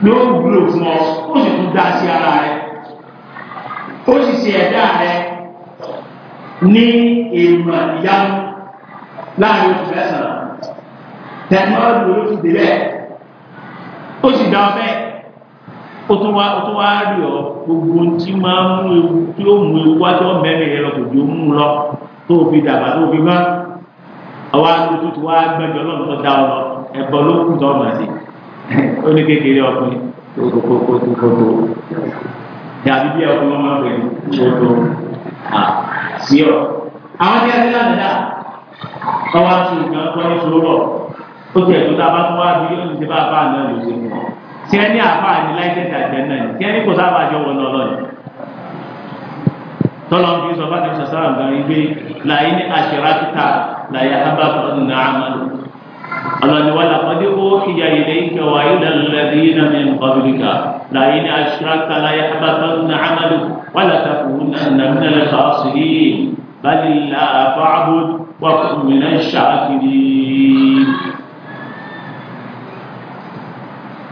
yóò gbúlò fún ọ ó sì tún dá sí ara rẹ ó sì ṣe ẹ̀dá rẹ ní èèmọ̀ ìyanu láàrin oṣù mẹ́sàn-án tẹkinọlọgì ló ti dé bẹ́ẹ̀ ó sì dá ọ bẹ́ẹ̀ ó tún wá ó tún wá rí ọ gbogbo tí máa ń mú ewu tí ó mú ewu wá tó yẹn lọ kò jó mú lọ tó o fi dàgbà tó o fi gbọ́n ọwọ́ àtúntò tí wàá gbẹ́jọ lọ́nà tó dá ọ lọ ẹ̀bọ ló kù tó ọmọ sí ó ní kékeré ọkùnrin kótókótókótó dàbí bí ọkùnrin ọmọ pè ní kótó à sí ọ. àwọn tí a ti lánàá ọwọ́ àti ìgbà ọkọ ní sọ̀rọ̀ ó ti ẹ̀dùn dábàá tó wá bí ó ti ṣe bá a bá àná ló ṣe fún ọ tí ẹ ní àbá ní láìsẹ̀ǹsì àgbẹ̀ náà ni tí ẹ ní kò sábà jọ wọn lọ́lọ́ ni tọ́lọ́ fi sọ fáwọn ẹ̀ṣọ́ sábà gan igbe láyé ní àṣírá kíta láyé ábá fún ní àmàlù ọlọ́ni wà lápọ́dé ó kíyà ilé ìkẹ́ wà ilẹ̀ lẹ́dí iná mi ń kọ́bìlìkà láyé ní àṣírá kíta láyé ábá fún ní àmàlù wà látàkùn náà nà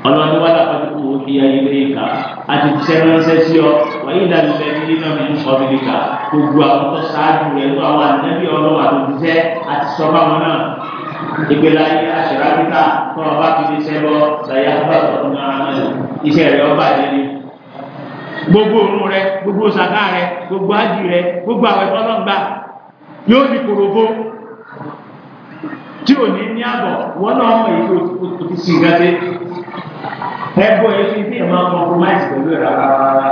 ọlọ́run wà lápapọ̀ kò fi ayé lé ìka àti sẹ́ránṣẹ́ sí ọ wàyí ìdánilẹ̀ ní nínú mi ń sọ mi níka gbogbo àwọn tó ṣáájú rẹ̀ lọ àwọn àdínẹ́bí ọlọ́wà tó ti jẹ́ àti sọ bá wọn náà ìgbéra yìí àṣírà níta tó o bá fi ní sẹ́lọ ṣàyà àbábọ̀ ọ̀nà àmàlẹ̀ iṣẹ́ rẹ̀ ọba àdínní gbogbo òun rẹ gbogbo sàká rẹ gbogbo ájì rẹ gbogbo ẹgbọ́n yẹn fi bíyẹn máa compromise pẹ̀lú ẹ̀rọ rárá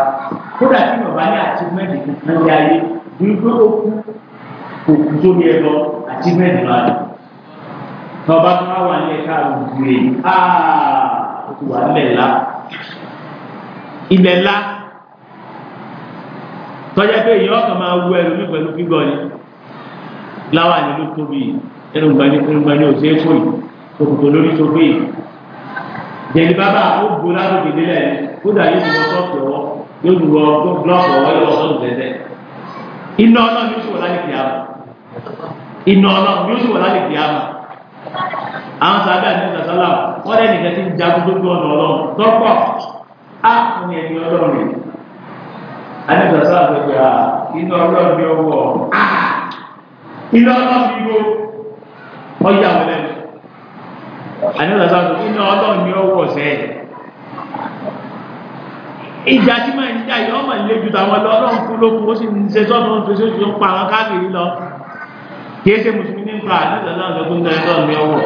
kódà tí bàbá ní achievement kankan ní ayé bí pé ó kú òkú tó yẹ lọ achievement máa lọ tọba tó wá wà ní ẹ̀ka àgùgbè áà ó ti wà nílẹ̀ ńlá ilẹ̀ ńlá tọ́jà pé èyí ọkàn máa wú ẹrù mi pẹ̀lú gbígbọ́ ni láwa ni ló tóbi ẹnu gbani ẹnu gbani òsè é fòyì òkùnkùn lórí tó gbé yìí jẹ̀lì bàbá ó gbó lárugẹ délẹ̀ ni kódà yóò ti wọ sọ́ọ̀tì ọwọ́ yóò ti wọ blọọkì ọwọ́ yóò wọ sọ́ọ̀tì tẹ́tẹ́ iná ọlọ́run yóò sì wọ̀ lálẹ́ kìá iná ọlọ́run yóò sì wọ̀ lálẹ́ kìá àwọn sábà ní sàsálà wọ́n lẹ́nu ìkẹ́tì ń jagun tó gbé ọ̀nà ọlọ́run tọ́pọ̀ á fún ẹni ọlọ́run rẹ̀ anigba sáà tó gbé a iná ọlọ́run yóò wọ̀ iná ọlọ́run yóò ọjà wọlé mi. àníwàsá kò ní ọlọ́run ní ọwọ́ ṣẹ́ ìjà tí máa ń jà yọ ọmọ ilé ju tàwọn lọ ọlọ́run kú ló kú ó sì ń ṣe sọ́nà tó ṣe oṣù pa àwọn káàkiri lọ kìí ṣe mùsùlùmí ní pa àníwàsá kò ní ọlọ́run ní ọwọ́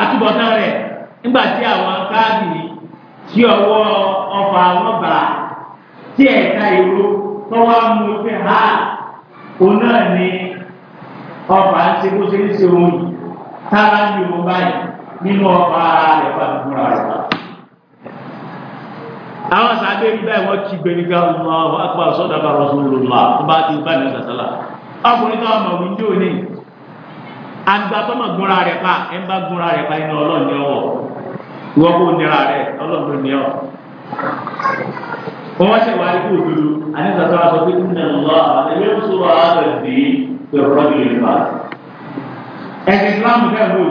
àtúbọ̀tán rẹ̀ nígbà tí àwọn káàkiri tí ọwọ́ tí ẹ̀ka mú ha òun náà ni ọfà ń ṣe bó ṣe tára ń yòó báyìí nínú ọba ara rẹ̀ wà fúnra rẹ̀ wá. àwọn sàbẹ̀ rí báyìí wọ́n kí gbẹ̀rẹ̀ ga ọmọ akpa sọ́dọ̀ bá rọ̀ sóńlò lọ́la wọ́n bá ti bá ní sàtàlà. ọkùnrin náà mọ̀ wí ní òní àgbà tó mọ̀ gúnra rẹ̀ pa ẹ̀ ń bá gúnra rẹ̀ pa iná ọlọ́ọ̀ni ọwọ́ ìwọ́n kò nira rẹ̀ ọlọ́ọ̀ni ni ọ wọ́n ṣe wà nípò àti sàtàlà sọ pé kí ni ẹ̀sìn Islam fẹ́ wò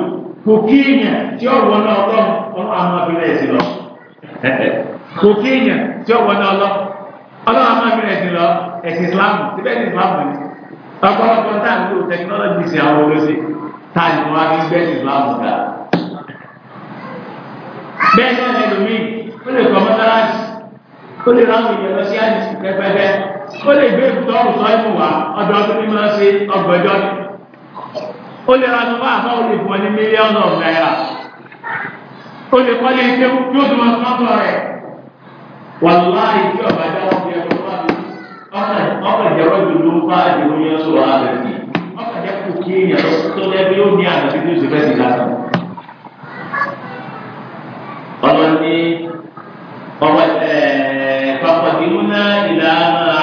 kòkíìnì tí ó wọ náà lọ ọlọ́run àwọn abirẹ̀ ẹ̀sìn lọ kòkíìnì tí ó wọ náà lọ ọlọ́run àwọn abirẹ̀ ẹ̀sìn lọ ẹ̀sìn Islam síbẹ̀ ní Islam ni ọ̀pọ̀lọpọ̀ táà ń lo technology sí àwọn olóṣè táà ní wọn á fi gbẹ́ Islam dáa bẹ́ẹ̀ náà ẹlòmíì ó lè kọ́ mọ́sálásì ó lè ráwọn èèyàn lọ sí àdìsí pẹ́pẹ́pẹ́ ó lè gbé ìbùdó ọ̀rùn sọ́yìn wá ọdọọdún ní máa ṣe ọgbọ̀jọ́ ni ó lè ra lọ bá àbá olè fún ẹni mílíọ̀nù náírà ó lè kọ́ lé ike tí ó tún máa tọ́ rẹ̀ wàláì tí ọ̀bà jẹ́ wọ́n fi ẹ̀kọ́ wá mi ọkọ̀ ìjẹ́wọ́ ìdòdó ń bá ìdòdó yẹn sọ̀rọ̀ àbẹ̀ mi ọkọ̀ jẹ́ kò kí èèyàn tó lẹ́bí ó ní àná títí oṣù fẹ́ẹ́ ti dáná. ọmọ ní ọmọ ẹ̀ẹ́dẹ́gbàpọ̀ ìmúná ìlànà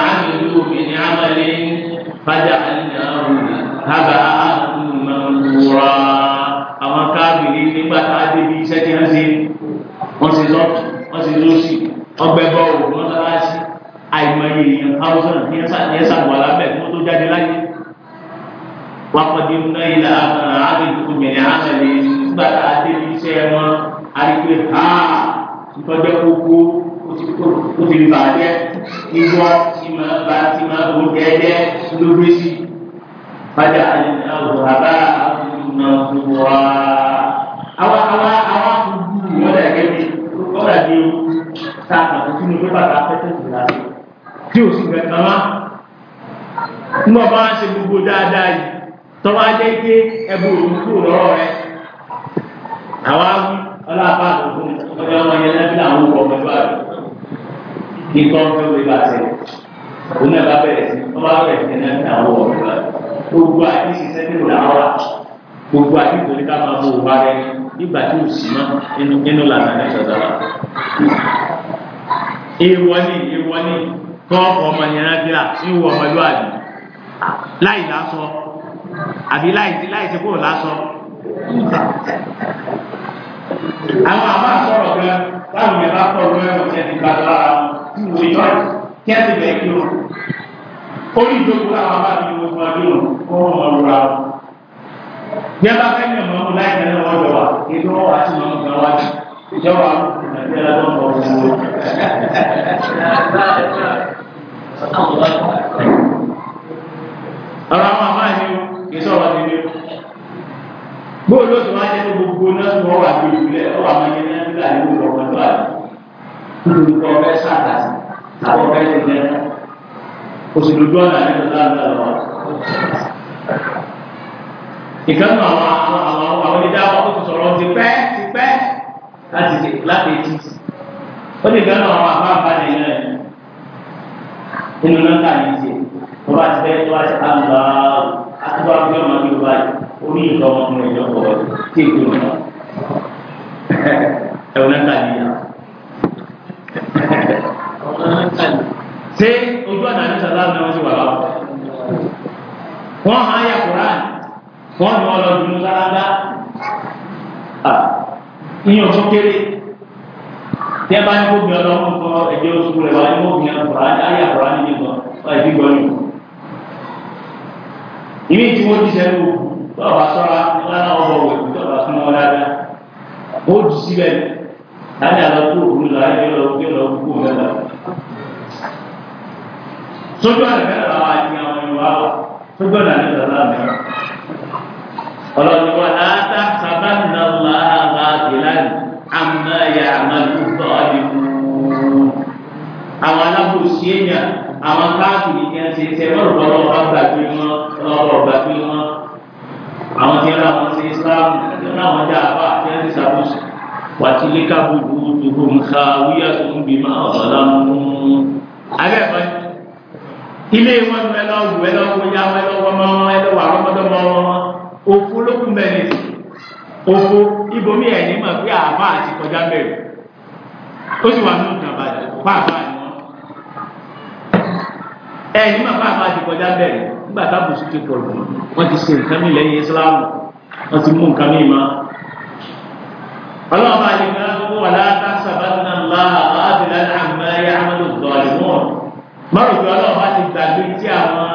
nínú nínú lànà ní sọ̀dọ̀lá. Èèwọ̀ ni èèwọ̀ ni kọ́ ọmọ yẹn rántí là ìwọ ọmọlúwàbí láì lásọ àbí láì láì sí kò lásọ. Àwọn àbá sọ̀rọ̀ gan láwọn yẹn bá pọ̀ lọ́wọ́ ẹ̀wọ̀n ní gbàgbọ́ tí wò yọ kẹ́sì bẹ́ẹ̀ kí o. Orí ìjókòó làwọn àbá mi wọ́n fún ọdún ọ̀hún ọ̀rọ̀ àwọn. Nyaba fẹ́ yàn máa mú láì tẹ̀lé wọ́n jọ wa, ebi wọ́n wá sí màmú kan wájú. Ìjọba Nàìjíríà ló ń bọ̀ wọ́n wọ́n. Ọ̀rọ̀ àwọn àmà ni o, kì í sọ̀rọ̀ nílé. Bóòlù oṣù máa ń jẹ́ gbogbo náà tó wà bí ìbílẹ̀ ọ̀rọ̀ àwọn ẹni náà nígbà ní ìlú ọ̀gbọ̀n tó àná. Olùkọ́ ọ̀fẹ́ sàtà àwọn ọ̀fẹ́ ti lẹ́nu. Òṣèlú Jọ́nà ìkan náà àwọn àwọn àwọn àwọn onídàá wọn kò sọ̀rọ̀ ti pẹ́ ti pẹ́ láti ṣe láti etí ó ní ìkan náà àwọn àbá àbáyé náà nínú náà ká yìí ṣe wọ́n bá ti fẹ́ tó àṣà àgbà àtúbọ̀ àbúrò ọmọ yóò báyìí orí ìlú ọmọkùnrin ìjọ kọ̀ ọ́ tí èkó náà ẹ̀wọ̀n náà ká yìí yá. ṣé ojú àná sàlámù náà wọ́n ti wà láwọ̀ wọ́n hàn áyà kúránì wọ́n ní wọ́n lọ dùnú sáradá ìyẹn tó kéré tí ẹ bá ní kó bí ọlọ́run kọ ẹgbẹ́ oṣù rẹ̀ wá ní kó bí ọkùnrin ayé àkùnrin ní nìkan wọ́n ẹbí gbọ́ yìí. ìmí tí wọ́n ti sẹ́nu tọ́ọ̀bà sọ́ra nígbàdàn ọ̀bọ̀ wẹ̀ tọ́ọ̀bà fún wọn dáadáa ó jù síbẹ̀ láti àlọ́ tó òkú lọ ayé lọ gbé lọ kú mẹ́ta. sójú àgbẹ̀ làwọn àti àwọn ìwà sójú àgbẹ̀ làwọn àti ọlọ́ni wọn láta sábàánà láàbà ìlànà àmàyà àmàlú bọ́ọ̀lì àwọn alábòsí èèyàn àwọn káàkiri ní ẹsẹ̀ ẹsẹ̀ lọ́rọ̀ bọ́lọ́ ọba gbàgbé wọn lọ́rọ̀ gbàgbé wọn àwọn tí wọn àwọn ṣe islam tí wọn àwọn dá àbá tí wọn ti ṣàkóso wàtílé kábùkù dùkú nǹka wíyà tó ń bímọ ọ̀la mú. abẹ́ẹ̀kọ́ ilé wọn ẹlọ́wọ́ ẹlọ́wọ́ yá wọn ẹlọ́wọ́ mọ́ ẹlọ́wọ́ àwọn ọmọdé mọ́ wọn òfo ló kún bẹ́ẹ̀ ní òfo ibòmí ẹ̀ ní mọ̀ pé àbá àti kọjá bẹ́ẹ̀ ó sì wà nínú ìtàn àbájá pàápàá ni wọ́n ẹ̀ ní mọ̀ pàápàá àti kọjá bẹ́ẹ̀ nígbà tábùsù ti pọ̀ lù wọ́n ti ṣe nǹkan mi lẹ́yìn Islam wọ́n ti mú nǹkan mi mọ́ ọlọ́run máa lè gbà gbogbo wà láta sábàtà ńlá àbábìlá àmọ́ ẹ̀yà àmọ́lò dọ̀ọ̀lùmọ́ mọ́rùn-ún ọlọ́run bá ti gbàgbé tí àwọn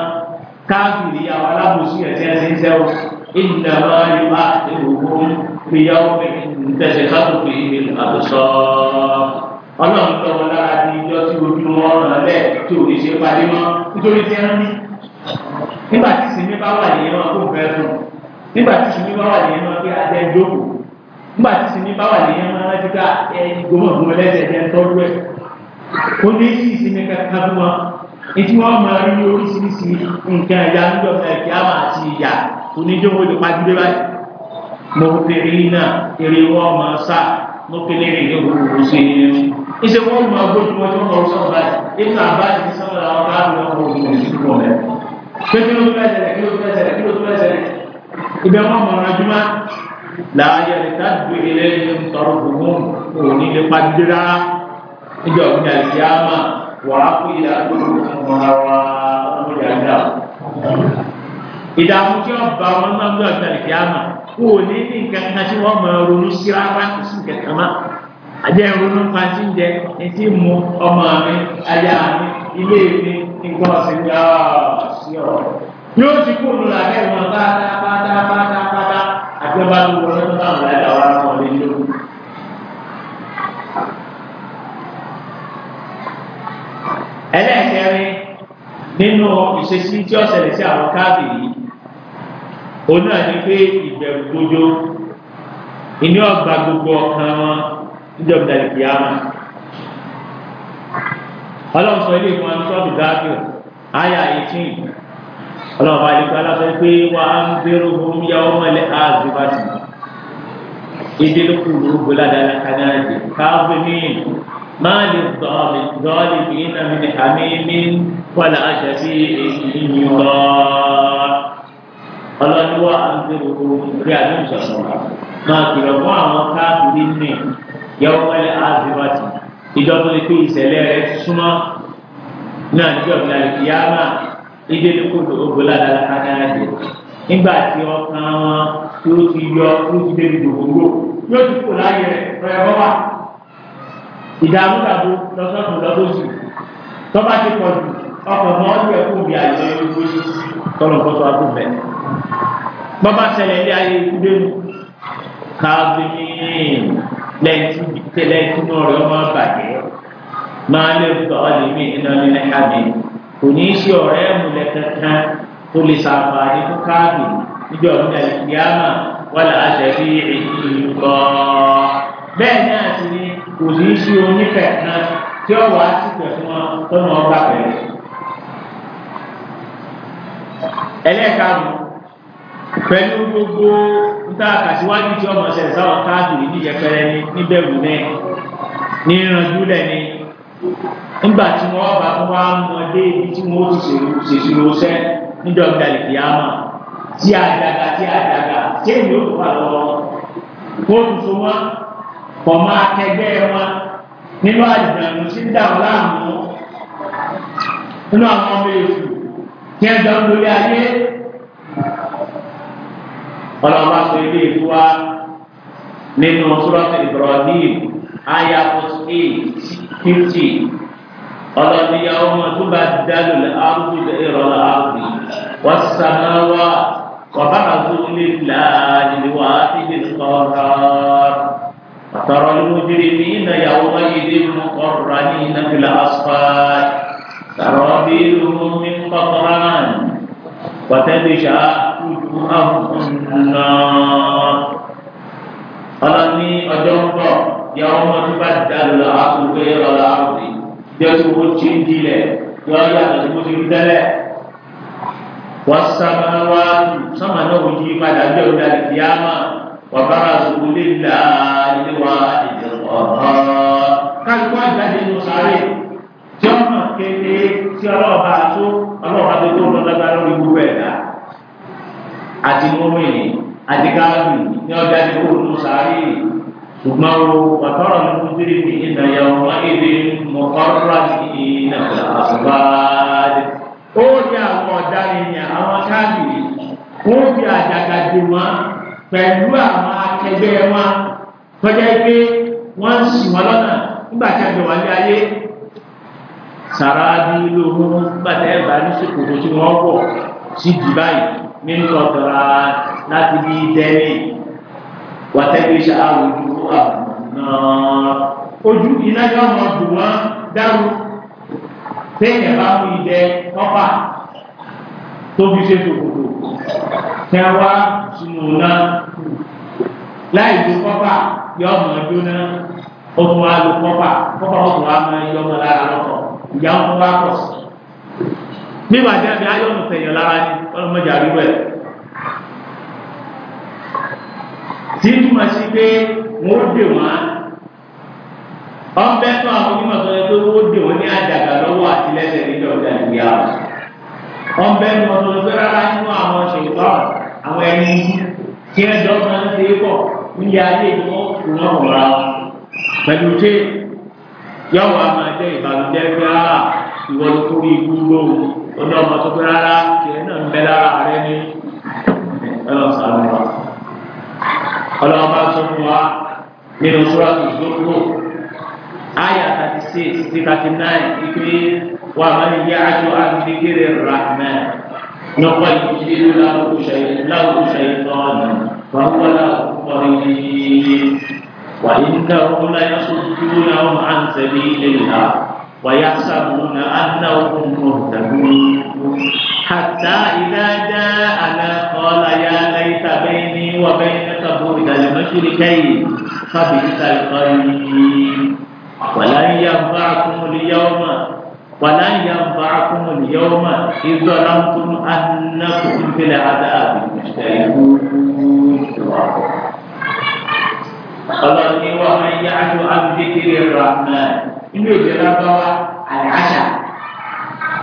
káàkiri àwọn alábòsí ẹ̀sẹ̀ ẹ̀sẹ̀ ń sẹ́wọ̀n إنما يؤخرهم ليوم تشخص فيه الأبصار ọlọ́run tọrọ lára ní ìjọ tí ojú wọn ràn lẹ̀ tí ò lè ṣe padé mọ́ nítorí tí wọ́n ní. nígbà tí sinmi bá wà nìyẹn wọn kò fẹ́ sùn nígbà tí sinmi bá wà nìyẹn wọn pé ajẹ́ jókòó nígbà tí sinmi bá wà nìyẹn wọn rántí ká ẹni gbọmọgbọmọ lẹ́sẹ̀ jẹ́ tọ́jú ẹ̀. ó ní yí ìsinmi kankan fún wọn etí wọn máa rí oríṣiríṣi nǹkan ìyá nígbà oníjókòó ti pa jíde báyìí mo tẹ̀lé náà eré wọ́n máa sá mo kélé rè ní òwúrò sí i ní ìṣe wọ́n mú agbójú wọn tí wọ́n lọ sọ̀rọ̀ báyìí ibùdó àbáyé ti sọ̀rọ̀ àwọn aráàlú wọn kò wọ́n ti kú wọn bẹ́ẹ̀. pé kí ló tó bẹ́ẹ̀ ṣẹlẹ̀ kí ló tó bẹ́ẹ̀ ṣẹlẹ̀ kí ló tó bẹ́ẹ̀ ṣẹlẹ̀ ibẹ̀ wọn mọ̀ ọ́n jùmọ́ láàyè tọrọ gbogbo òní lè pa jíde rárá ìdààmú tí wọ́n bá wọn náà gbé ọ̀tá lè fi àmà kó o ní ní nǹkan kan tí wọ́n mọ ronú síra wá kò sí nǹkan kan má. àjẹ́ ronú pa ti ń jẹ etí mu ọmọ mi aya mi ilé mi nǹkan ọ̀sìn ní ọ̀sìn ọ̀. yóò ti kó lọ làbẹ́ wọn pátá pátá pátá pátá àti ọba tó wọlé tó bá wọn láyà wọn kọ́ lé lórí. ẹlẹ́ẹ̀kẹrin nínú ìṣesí tí ó ṣẹlẹ̀ sí àwọn káàdì yìí òun náà ní pé ìbẹ̀rù gbójó ìní ọgbà gbogbo ọkàn wọn níjọba ìdàgbé àmà ọlọ́run sọ ilé ìfọ̀n sọ́ọ̀bù dáàbò àyà eighteen ọlọ́run bá dìgbà aláṣẹ pé wà á ń bẹ̀rù ohun yá ọmọ ilẹ̀ áàzì bá ti ìdí ló kù ló gbọ́lá dáadáa kanáàdì káfíń ní máa lè dọ́ọ̀lì dọ́ọ̀lì kì í nà ní àmì mí wà láṣẹ sí èyí yìí rọ́ọ̀ ọlọ́niwá àgbẹ̀wò rí àdúgbò máa kìlọ̀ fún àwọn káàkiri ní yàwó wọlé àdúrátì ìjọba lè pé ìṣẹ̀lẹ̀ rẹ̀ súnmọ́ náà ní ọ̀gbìn àlùkìyàmà ìdílé kòtò ògbólá dára kájáde nígbà tí ọkàn wọn tí ó ti yọ ó ti débi dòwòrò yóò ti kò láàyè rẹ̀ rẹ̀ wọ́wà ìdààmú dàbò lọ́sọ̀tún lọ́sọ̀tún tọ́ba ti pọ̀ jù ọkọ̀ mọ́ ọ́ kọ́lọ̀ kó sọ àbúrò bẹ́ẹ̀. bọ́bá ṣẹlẹ̀ ilé ayé ìdílé nu káàbìnrin lẹ́yìn tí lẹ́yìn náà rẹ̀ ọmọ bàjẹ́ máa lè tọ́ ọ lè mí iná nílẹ̀ kábì kò ní í ṣe ọ̀rẹ́ ìmùlẹ̀ kankan tó lè ṣàǹfààní fún káàbì níjọ́ ìmúlẹ̀ ìyáàmà wàlà àṣẹbí ìlú kọ́ bẹ́ẹ̀ náà sì ni kò ní í ṣe tí ọ̀wá sì pẹ̀ fún ọ tọ́nà ọgbà ẹlẹ́ẹ̀karùn pẹ̀lú gbogbo níta kàṣíwájú tí ọmọ ṣẹ̀ sáwọn káàkiri ní yẹpẹrẹ ní níbẹ̀rù náà ní ìrànjú lẹ̀ ní nígbà tí wọ́n bá tó wá mọ dé ibi tí wọ́n ti ṣèṣirò ṣẹ́ níjọ́ ìdàlẹ̀ kìí àmà tí àdàgà tí àdàgà tí èmi ò wà lọ́wọ́ wọ́n tún so wọ́n pọ̀ máa kẹgbẹ́ wọn nínú àdìgbàmù tí ń dà wọ́n láàmú nínú àwọn ọmọ èèyàn kí ẹjọ́ ń lórí ayé ọlọ́ba sọ ilé ìfúwa nínú sọ́rọ́sì Ibrahim aya forty eight fifty ọlọ́ni ya ọmọ tó bá dálò lẹ́ àrùn lẹ́ ìrọ̀lẹ́ àrùn wọ́n sàmà wá kọ̀bá àbúrò lè là nínú wa ìdè kọ́ra ọ̀tọ̀rọ̀ lójú rí ní ìnáyàwó wáyé dé mú kọ́ra ní ìnáfìlà asfaw. سرابيلهم من قطران وتبشى وجوههم النار ألمي أجنبا يوم تبدل الأرض غير الأرض يسوع تشنجيلة يا المسلم تلا والسماوات سمنا وجي ما دجوا القيامة وبرزوا لله الواحد القهار كان كان هذه المصاريف tí wọ́n hàn kéde tí ọlọ́ọ̀bá tó ọlọ́ọ̀bá tó tó lọ́dọ́gba lórí gbogbo ẹ̀dá àti mọ́mìnì àti káàmì ní ọjà tí kò tó sáré ṣùgbọ́n o ọ̀tọ́rọ̀ ní kúndìrì ní ìdáyà ọmọ èdè mọ̀kọ́rọ́rọ́ àti ìnà àṣùbáàdì. ó di àwọn ọ̀daràn ní àwọn káàmì wọ́n di àjàgàdì wọn pẹ̀lú àwọn akẹgbẹ́ wọn tọ́jà pé wọ́n ń ṣì wọ́n lọ́nà nígbà tí a jọ wà ní ayé sàràdì lóhun gbàtẹ́ ẹ̀bà ní ṣòkòtò tí wọ́n wọ̀ sí dubai nínú ọ̀dọ̀ra láti bí dẹ́lẹ̀ wàtẹ́gbẹ́ ṣàwùjú àwọn ojú iná yóò mọ dùn wọ́n dáhùn téèyàn bá mú ìdẹ ọ̀pá tó fi ṣe ṣòkòtò tẹ wá sínú náà láì lo kọ́pà yọ ọmọ jóná ó tún wá kọ́pà kọ́pà ó tún wá ọmọ lára lọ́kọ̀ọ́ ìyá wọn bá pọ̀ sí mi wà dé àbí ayọ̀nù tẹ̀yàn lára ni ọlọ́mọdé àríwọ̀ ẹ̀ tí túmọ̀ sí pé wọ́n dè wọ́n á ọ̀bẹ tó àwọn onímọ̀ tó yẹ pé wọ́n dè wọ́n ní àjàgà lọ́wọ́ àti lẹ́sẹ̀ nígbà ọjà ìgbé àwọn ọ̀bẹ ní wọn tó lọ pé rárá nínú àwọn ṣèkọ́ àwọn ẹni tí ẹ̀dọ́ máa ń ṣe é pọ̀ nílé ayé ìwọ̀n pẹ̀lú tẹ́ẹ̀ yọ̀wọ̀ a máa jẹ́ ìbànújẹ́ pé á ah, ìwọ ló kórè ikú lóhùn ọdọ ọmọ tó pé rárá kìí náà ń bẹ lára rẹ ní ẹlọ́sàn-án wa. ọlọ́run bá tún fún wa nínú sọ́ọ́tù gbogbo àyà thirty six sí thirty nine ìpè wà máa ń yá aṣọ àdìgírè rahmẹ nọ́pọ̀ ìdílé láwùjọ ṣẹ̀yìn láwùjọ ṣẹ̀yìn tọ́ọ̀nù fàwọn láwùjọ ṣẹ̀yìn. وإنهم ليصدونهم عن سبيل الله ويحسبون أنهم مهتدون حتى إذا جاءنا قال يا ليت بيني وبينك بعد المشركين فبئس القرين ولن ينفعكم اليوم ولن ينفعكم اليوم إذ ظلمتم أنكم في العذاب مشتركون ọlọ́run ní wọ́n máa ń yá aṣọ àbúdékèrè ràmà inú èdè lábáwá àlàáṣà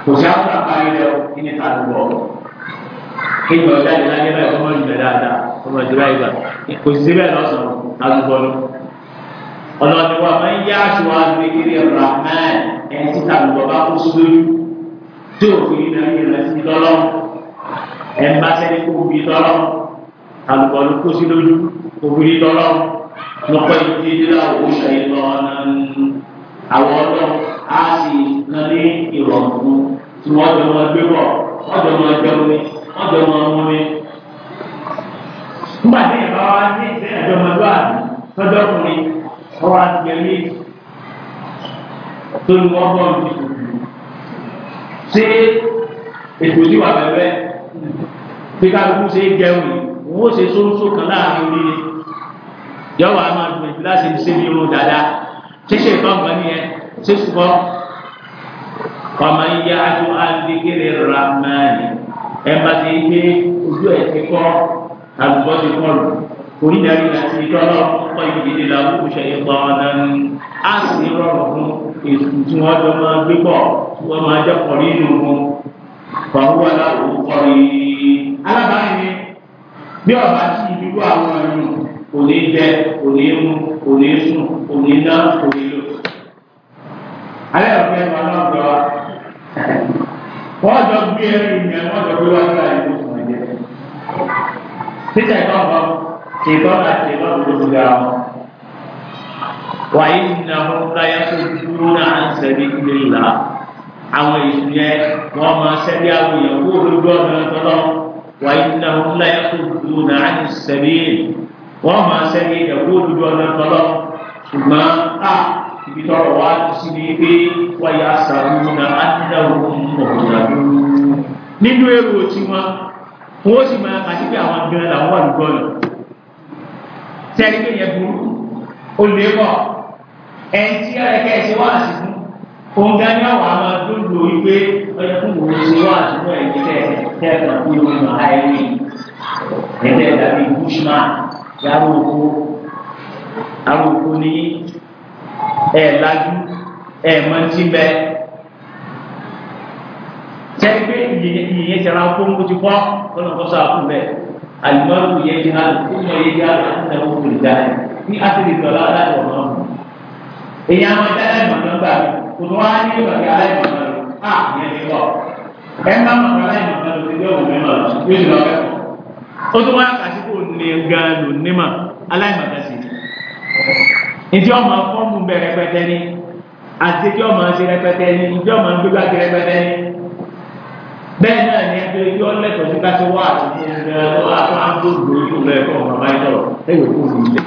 kò sí àwọn àpárí rẹ ní àdúgbò kéjì ọjà ní láyé báyìí kọ́mọ ìgbẹ́ dáadáa kọ́mọ ìdúrà ìgbà kò sí síbẹ̀ lọ́sàn-án àdúgbò lọ. ọlọ́run ní wọ́n máa ń yá aṣọ àbúdékèrè ẹni tí àdúgbò bá kó sórí tí òfin náà yẹ lọ lọ́lọ́ ẹ̀ ń bá sẹ́ni kó bí lọ́lọ́ àdúgbò ló kó sí lójú òfin lọ́lọ́. نقيد له شيطانا àwọn ọlọ́ á sì kan ní ìrọ̀rùn tí wọ́n jọ máa gbé bọ̀ wọ́n jọ máa jẹun ní wọ́n jọ máa mú ní. nígbà tí ìbá wa ní ìpínlẹ̀ ìjọmọdé àná tọ́jọ́ ọkùnrin ọwọ́ àgbẹ̀mí tó ní wọ́n bọ̀ ní ìkùnkùn. ṣé ètò ìdíwà bẹ̀rẹ̀ tí kálukú ṣe jẹun wọ́n ṣe sóńsó kan láàrin oríire yọ̀wọ̀ a máa gbèsè láti ṣe bí irun dáadáa ṣíṣe ìbámu nìyẹn ṣíṣe bọ́ ọmọ iye ajo andekele ramani ẹ má ti gbé ojú ẹ ti kọ́ àlùbọ́ ti kọ́ lù onídàájú àti ìtọ́lọ́ kọ́ ìdílé la wọ́n ṣe ìgbà ọ̀nà ni a sì rọrùn fún èsì tí wọ́n jọ máa gbé bọ̀ tí wọ́n máa jẹ́ kọ́ nínú wọn pàwọ́ aláwọ̀ kọ́ ni alábàáyé bí ọ̀bá ti ìdúró àwọn ẹ̀yìn kò ní jẹ kò ní mú kò ní sùn kò ní ná kò ní lò. alẹ́ ọ̀fẹ́ wa náà gbọ́ wa wọ́n jọ gbé ẹrù ìyẹn wọ́n jọ gbé wá sí àyè tó sùn ẹ̀jẹ̀. títẹ̀ náà bọ́ ṣètọ́ àti ṣètọ́ ló ti ga wọn. wàyí nà ó láyà tó dúró náà ń sẹ́ni ilé ìlà àwọn èsì yẹn wọ́n máa sẹ́ni àwọn èèyàn kó lójú ọ̀nà tọ́lọ́ wàyí nà ó láyà tó dúró náà ń sẹ́ni ilé ìlà wọ́n máa sẹ́ni ẹ̀wọ́ òdodo ọ̀nà tọ́lọ́ ṣùgbọ́n a ibi tọrọ wá sí ni pé wáyà sàrú na ádìdáwò ọ̀gbọ̀nà nínú èrò tí wọn wọ́n sì máa kàtí pé àwọn gan làwọn wà lùgbọ́n lọ sẹ́ni pé yẹn burú ó lè bọ̀ ẹ̀ ń tí ẹ̀rẹ̀ kẹ́ ẹ̀ ṣe wá àsìkò òǹgá ní àwọn àmà tó lò ó pé ọjọ́ fún òun ṣe wá àsìkò ẹ̀ ń tẹ̀ ẹ̀ tẹ̀ ẹ̀ kàn fún àìrí ẹ̀ kí àwọn òkú àwọn òkú ní ẹ̀ lájú ẹ̀ mọ́ tí bẹ́ẹ̀ sẹ́gbẹ́ ìyẹn ti ra fún mo ti kọ́ kọ́nà kọ́ sọ àkùn bẹ́ẹ̀ alimọ́lù yẹ jẹ́ àlùkò mọ̀ yẹ jẹ́ àlùkò náà wọ́n kúrò dáa ní asèlè tọ́lá aláìwọ̀ náà mọ̀ èyí àwọn ẹ̀dá ẹ̀mọ̀ náà gbà mí kò tó wá ní ìbàdí aláìmọ̀ náà lò á ìyẹn ti kọ́ ẹ̀ má mọ̀ aláìmọ̀ náà lò ti gbé òun mẹ́mọ̀ lọ yóò ti lọ kẹ́kọ̀ọ́ ó tún wá kàtíkò ní gan lò nímọ̀ aláìmọ̀kàsí ìdí ọmọ fọ́ọ̀mù bẹ̀rẹ̀ pẹ́tẹ́ ní àti ìdí ọmọ ṣe rẹpẹtẹ ní ìdí ọmọ gbégbá ṣe rẹpẹtẹ ní bẹ́ẹ̀ náà ní ẹgbẹ́ ìdí ọlẹ́tọ̀ọ́ ti káṣí wá àti ní ẹgbẹ́ ọlọ́wọ́ àti àgbòdo ìlú rẹ̀ kọ́ ọ̀gá báyìí lọ́rọ̀ ẹ̀yọ̀ kó ní ilé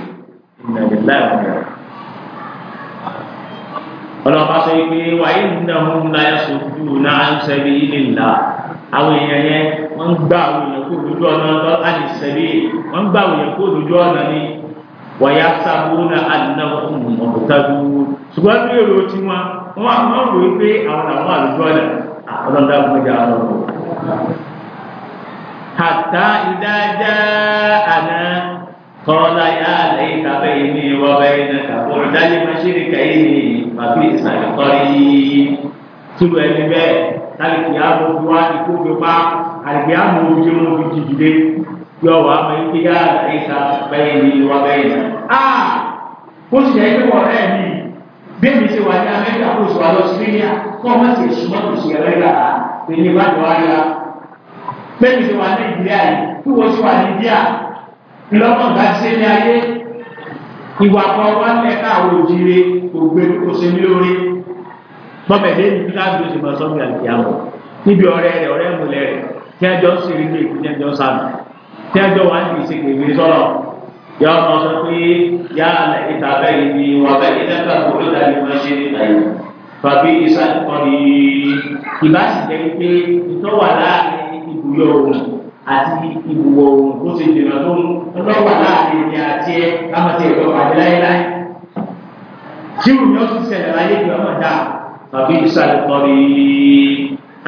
ìnàlẹ̀ láàrin àwọn èèyàn yẹn wọ́n ń gbá àwọn èèyàn kó lójú ọ̀nà lọ àdìsẹ́lẹ̀ e. wọ́n ń gbá àwọn èèyàn kó lójú ọ̀nà ni wàyà sábúnà àdínáwọ̀n ọ̀tàdù ṣùgbọ́n bí èrò tí wọn wọn àwọn rò ó pé àwọn àwọn àlùjọ ọ̀nà ọlọ́dà gbọ́dọ̀ àwọn ọ̀rọ̀ hàtà ìdájà àná kọ́lá yá lẹ́yìn tàbí ìní wọ́bẹ̀ iná ní bàbí tálíkì àmọ́ fi wá ikú fi pa àgbẹ̀ àmọ́ ojú wọn fi jì dìde yọ wà á mẹ́rin pé yára ìta bẹ́ẹ̀ ni wà bẹ́ẹ̀ ni. a kó sì ẹ́ pé wọ́n rẹ̀ mí bí èmi ṣe wà ní amẹ́ríkà kó sì wà lọ sí níyà kó ọmọ sì súnmọ́ kò sì rẹ̀ rà á èmi bá lọ ayọ̀ pé èmi ṣe wà ní ìgbéyà yìí kí wọ́n sì wà ní bíà lọ́mọ̀ bá ṣe ní ayé ìwà kan wá lẹ́ka àwọn òjì bọ́mọ̀ ẹ̀dẹ́ ní kíláàsì ó sì máa sọ́mù àti àmọ̀ níbi ọ̀rẹ́ rẹ̀ ọ̀rẹ́ ìmùlẹ̀ rẹ̀ tí a jọ ń sèré ní èkó tí a jọ ń sàmì tí a jọ wà ní ìsèké ìwé sọ́lọ̀ yọ ọmọ sọ pé yá ìta bẹ́ẹ̀ ni wà bẹ́ẹ̀ ní ẹ̀ka kò ló dá ní wọ́n ṣe níta yìí bàbí isa kọ́ ni ìbá sì jẹ́ pé ìtọ́wà láàrin ibùyọ òun àti ibùwọ̀ òun kó ṣe jìnnà tó ń tàbí ìsàlùkọ́rí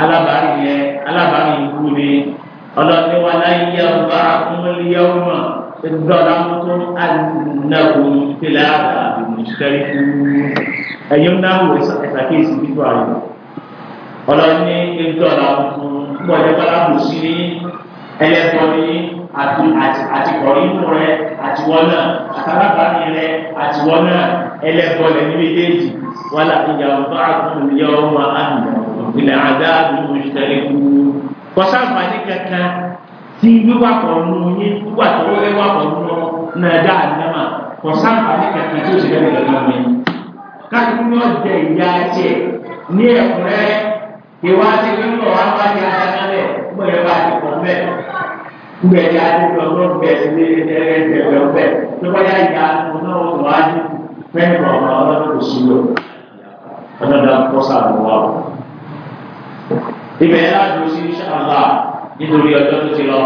alábàárì yẹn alábàárì ìlú ni ọlọ́ni wa láyé ọba múlíọ̀ mọ̀ ìdọ́ra mọ́tò àdínàkùn tẹ̀lé àbàbí mùsùlùmí ẹ̀yìn náà wò ìsàkíyèsí bíbọ̀ àyè ọlọ́ni ìdọ́ra mọ́tò gbọ́dọ̀ bá lábùsí ní ẹlẹ́kọ̀ọ́ni àti àti kọ̀rí inú rẹ rẹ àtiwọ́ ẹlẹ́kọ̀ọ́ lẹ́ni méjèèjì. ولقد أوضعكم اليوم أنتم في العذاب مشتركون وسامع لك كان tí wíwà kan nù yín wíwà tó wọlé wà kan nù náà dá àdámà kò sáǹfààní kankan tó ṣe lẹ́nu lọ́wọ́ mi. káàkiri ní ọ̀dẹ ìyá tiẹ̀ ní ẹ̀kúnrẹ́ ìwà ti fi ń bọ̀ wá wá ní adáná lẹ̀ mọ̀ ẹ̀ bá ti pọ̀ mẹ́. gbẹ̀dẹ̀ adébọ̀ ló ń bẹ̀ sí ẹ̀ẹ́dẹ̀gbẹ̀ ọ̀bẹ̀ tó bá yá ìyá ọ̀nà ọ̀tọ̀ adé mẹ́rin ọ̀nà ọlọ́dún sí lọ ọlọ́dà kọ́sà lọ́wọ́ ibẹ̀ yẹn láti ṣe iṣẹ́ àlá nítorí ọjọ́ tó ti lọ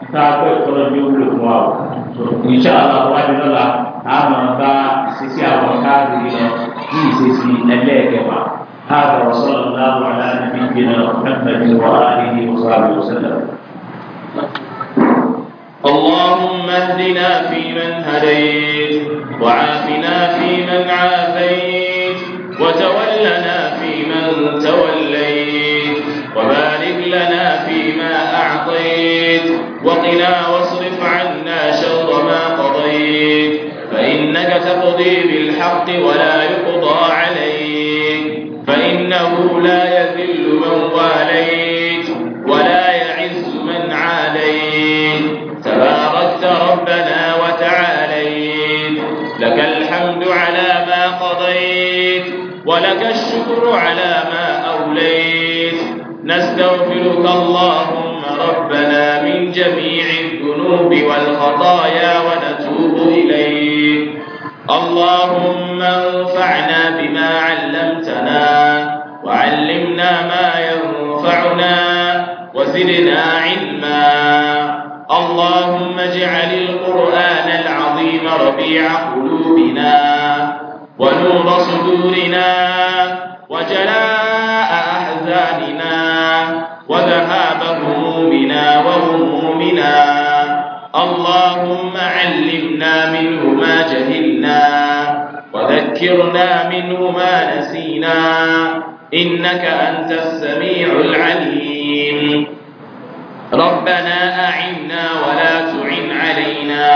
níta pẹ́ ìkọlọ́ ní owó lòkùn wa iṣẹ́ àlá wájú lọ́la àmọ́ bá ìṣesí àwọn káàkiri lọ ní ìṣesí ẹlẹ́ẹ̀kẹfà هذا وصلى الله على نبينا محمد وآله وصحبه وسلم اللهم اهدنا فيمن هديت وعافنا فيمن عافيت وتولنا فيمن توليت وبارك لنا فيما أعطيت وقنا واصرف عنا شر ما قضيت فإنك تقضي بالحق ولا يقضى عليك فإنه لا يذل من واليت ولك الشكر على ما أوليت نستغفرك اللهم ربنا من جميع الذنوب والخطايا ونتوب إليك اللهم انفعنا بما علمتنا وعلمنا ما ينفعنا وزدنا علما اللهم اجعل القرآن العظيم ربيع قلوبنا ونور صدورنا وجلاء أحزاننا وذهاب همومنا وهمومنا اللهم علمنا منه ما جهلنا وذكرنا منه ما نسينا إنك أنت السميع العليم ربنا أعنا ولا تعن علينا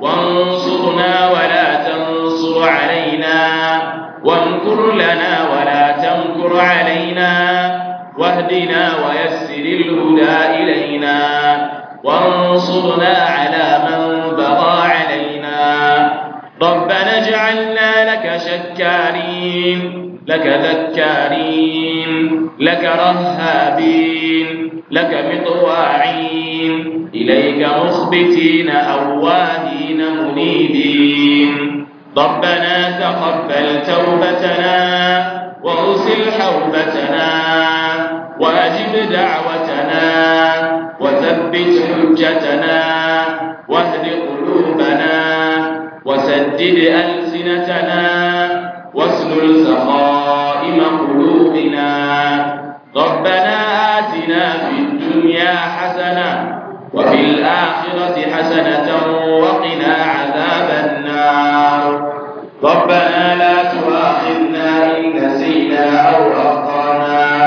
وانصرنا ولا تنصر علينا علينا وامكر لنا ولا تمكر علينا واهدنا ويسر الهدى إلينا وانصرنا على من بغى علينا ربنا اجعلنا لك شكارين لك ذكارين لك رهابين لك مطواعين إليك مخبتين أواهين منيبين ربنا تقبل توبتنا وأرسل حوبتنا وأجب دعوتنا وثبت حجتنا واهد قلوبنا وسدد ألسنتنا واسلل سخائم قلوبنا ربنا آتنا في الدنيا حسنه وفي الآخرة حسنة وقنا عذاب النار ربنا لا تؤاخذنا إن نسينا أو أخطأنا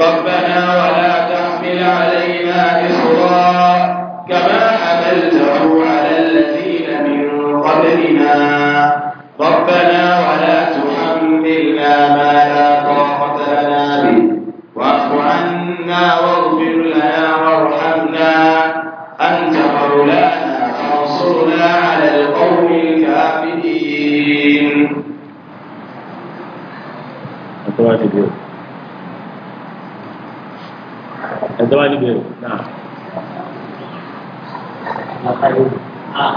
ربنا ولا تحمل علينا إصرا كما حملته على الذين من قبلنا ربنا ولا تحملنا ما لا ẹ̀tọ́ wá níbẹ̀ náà.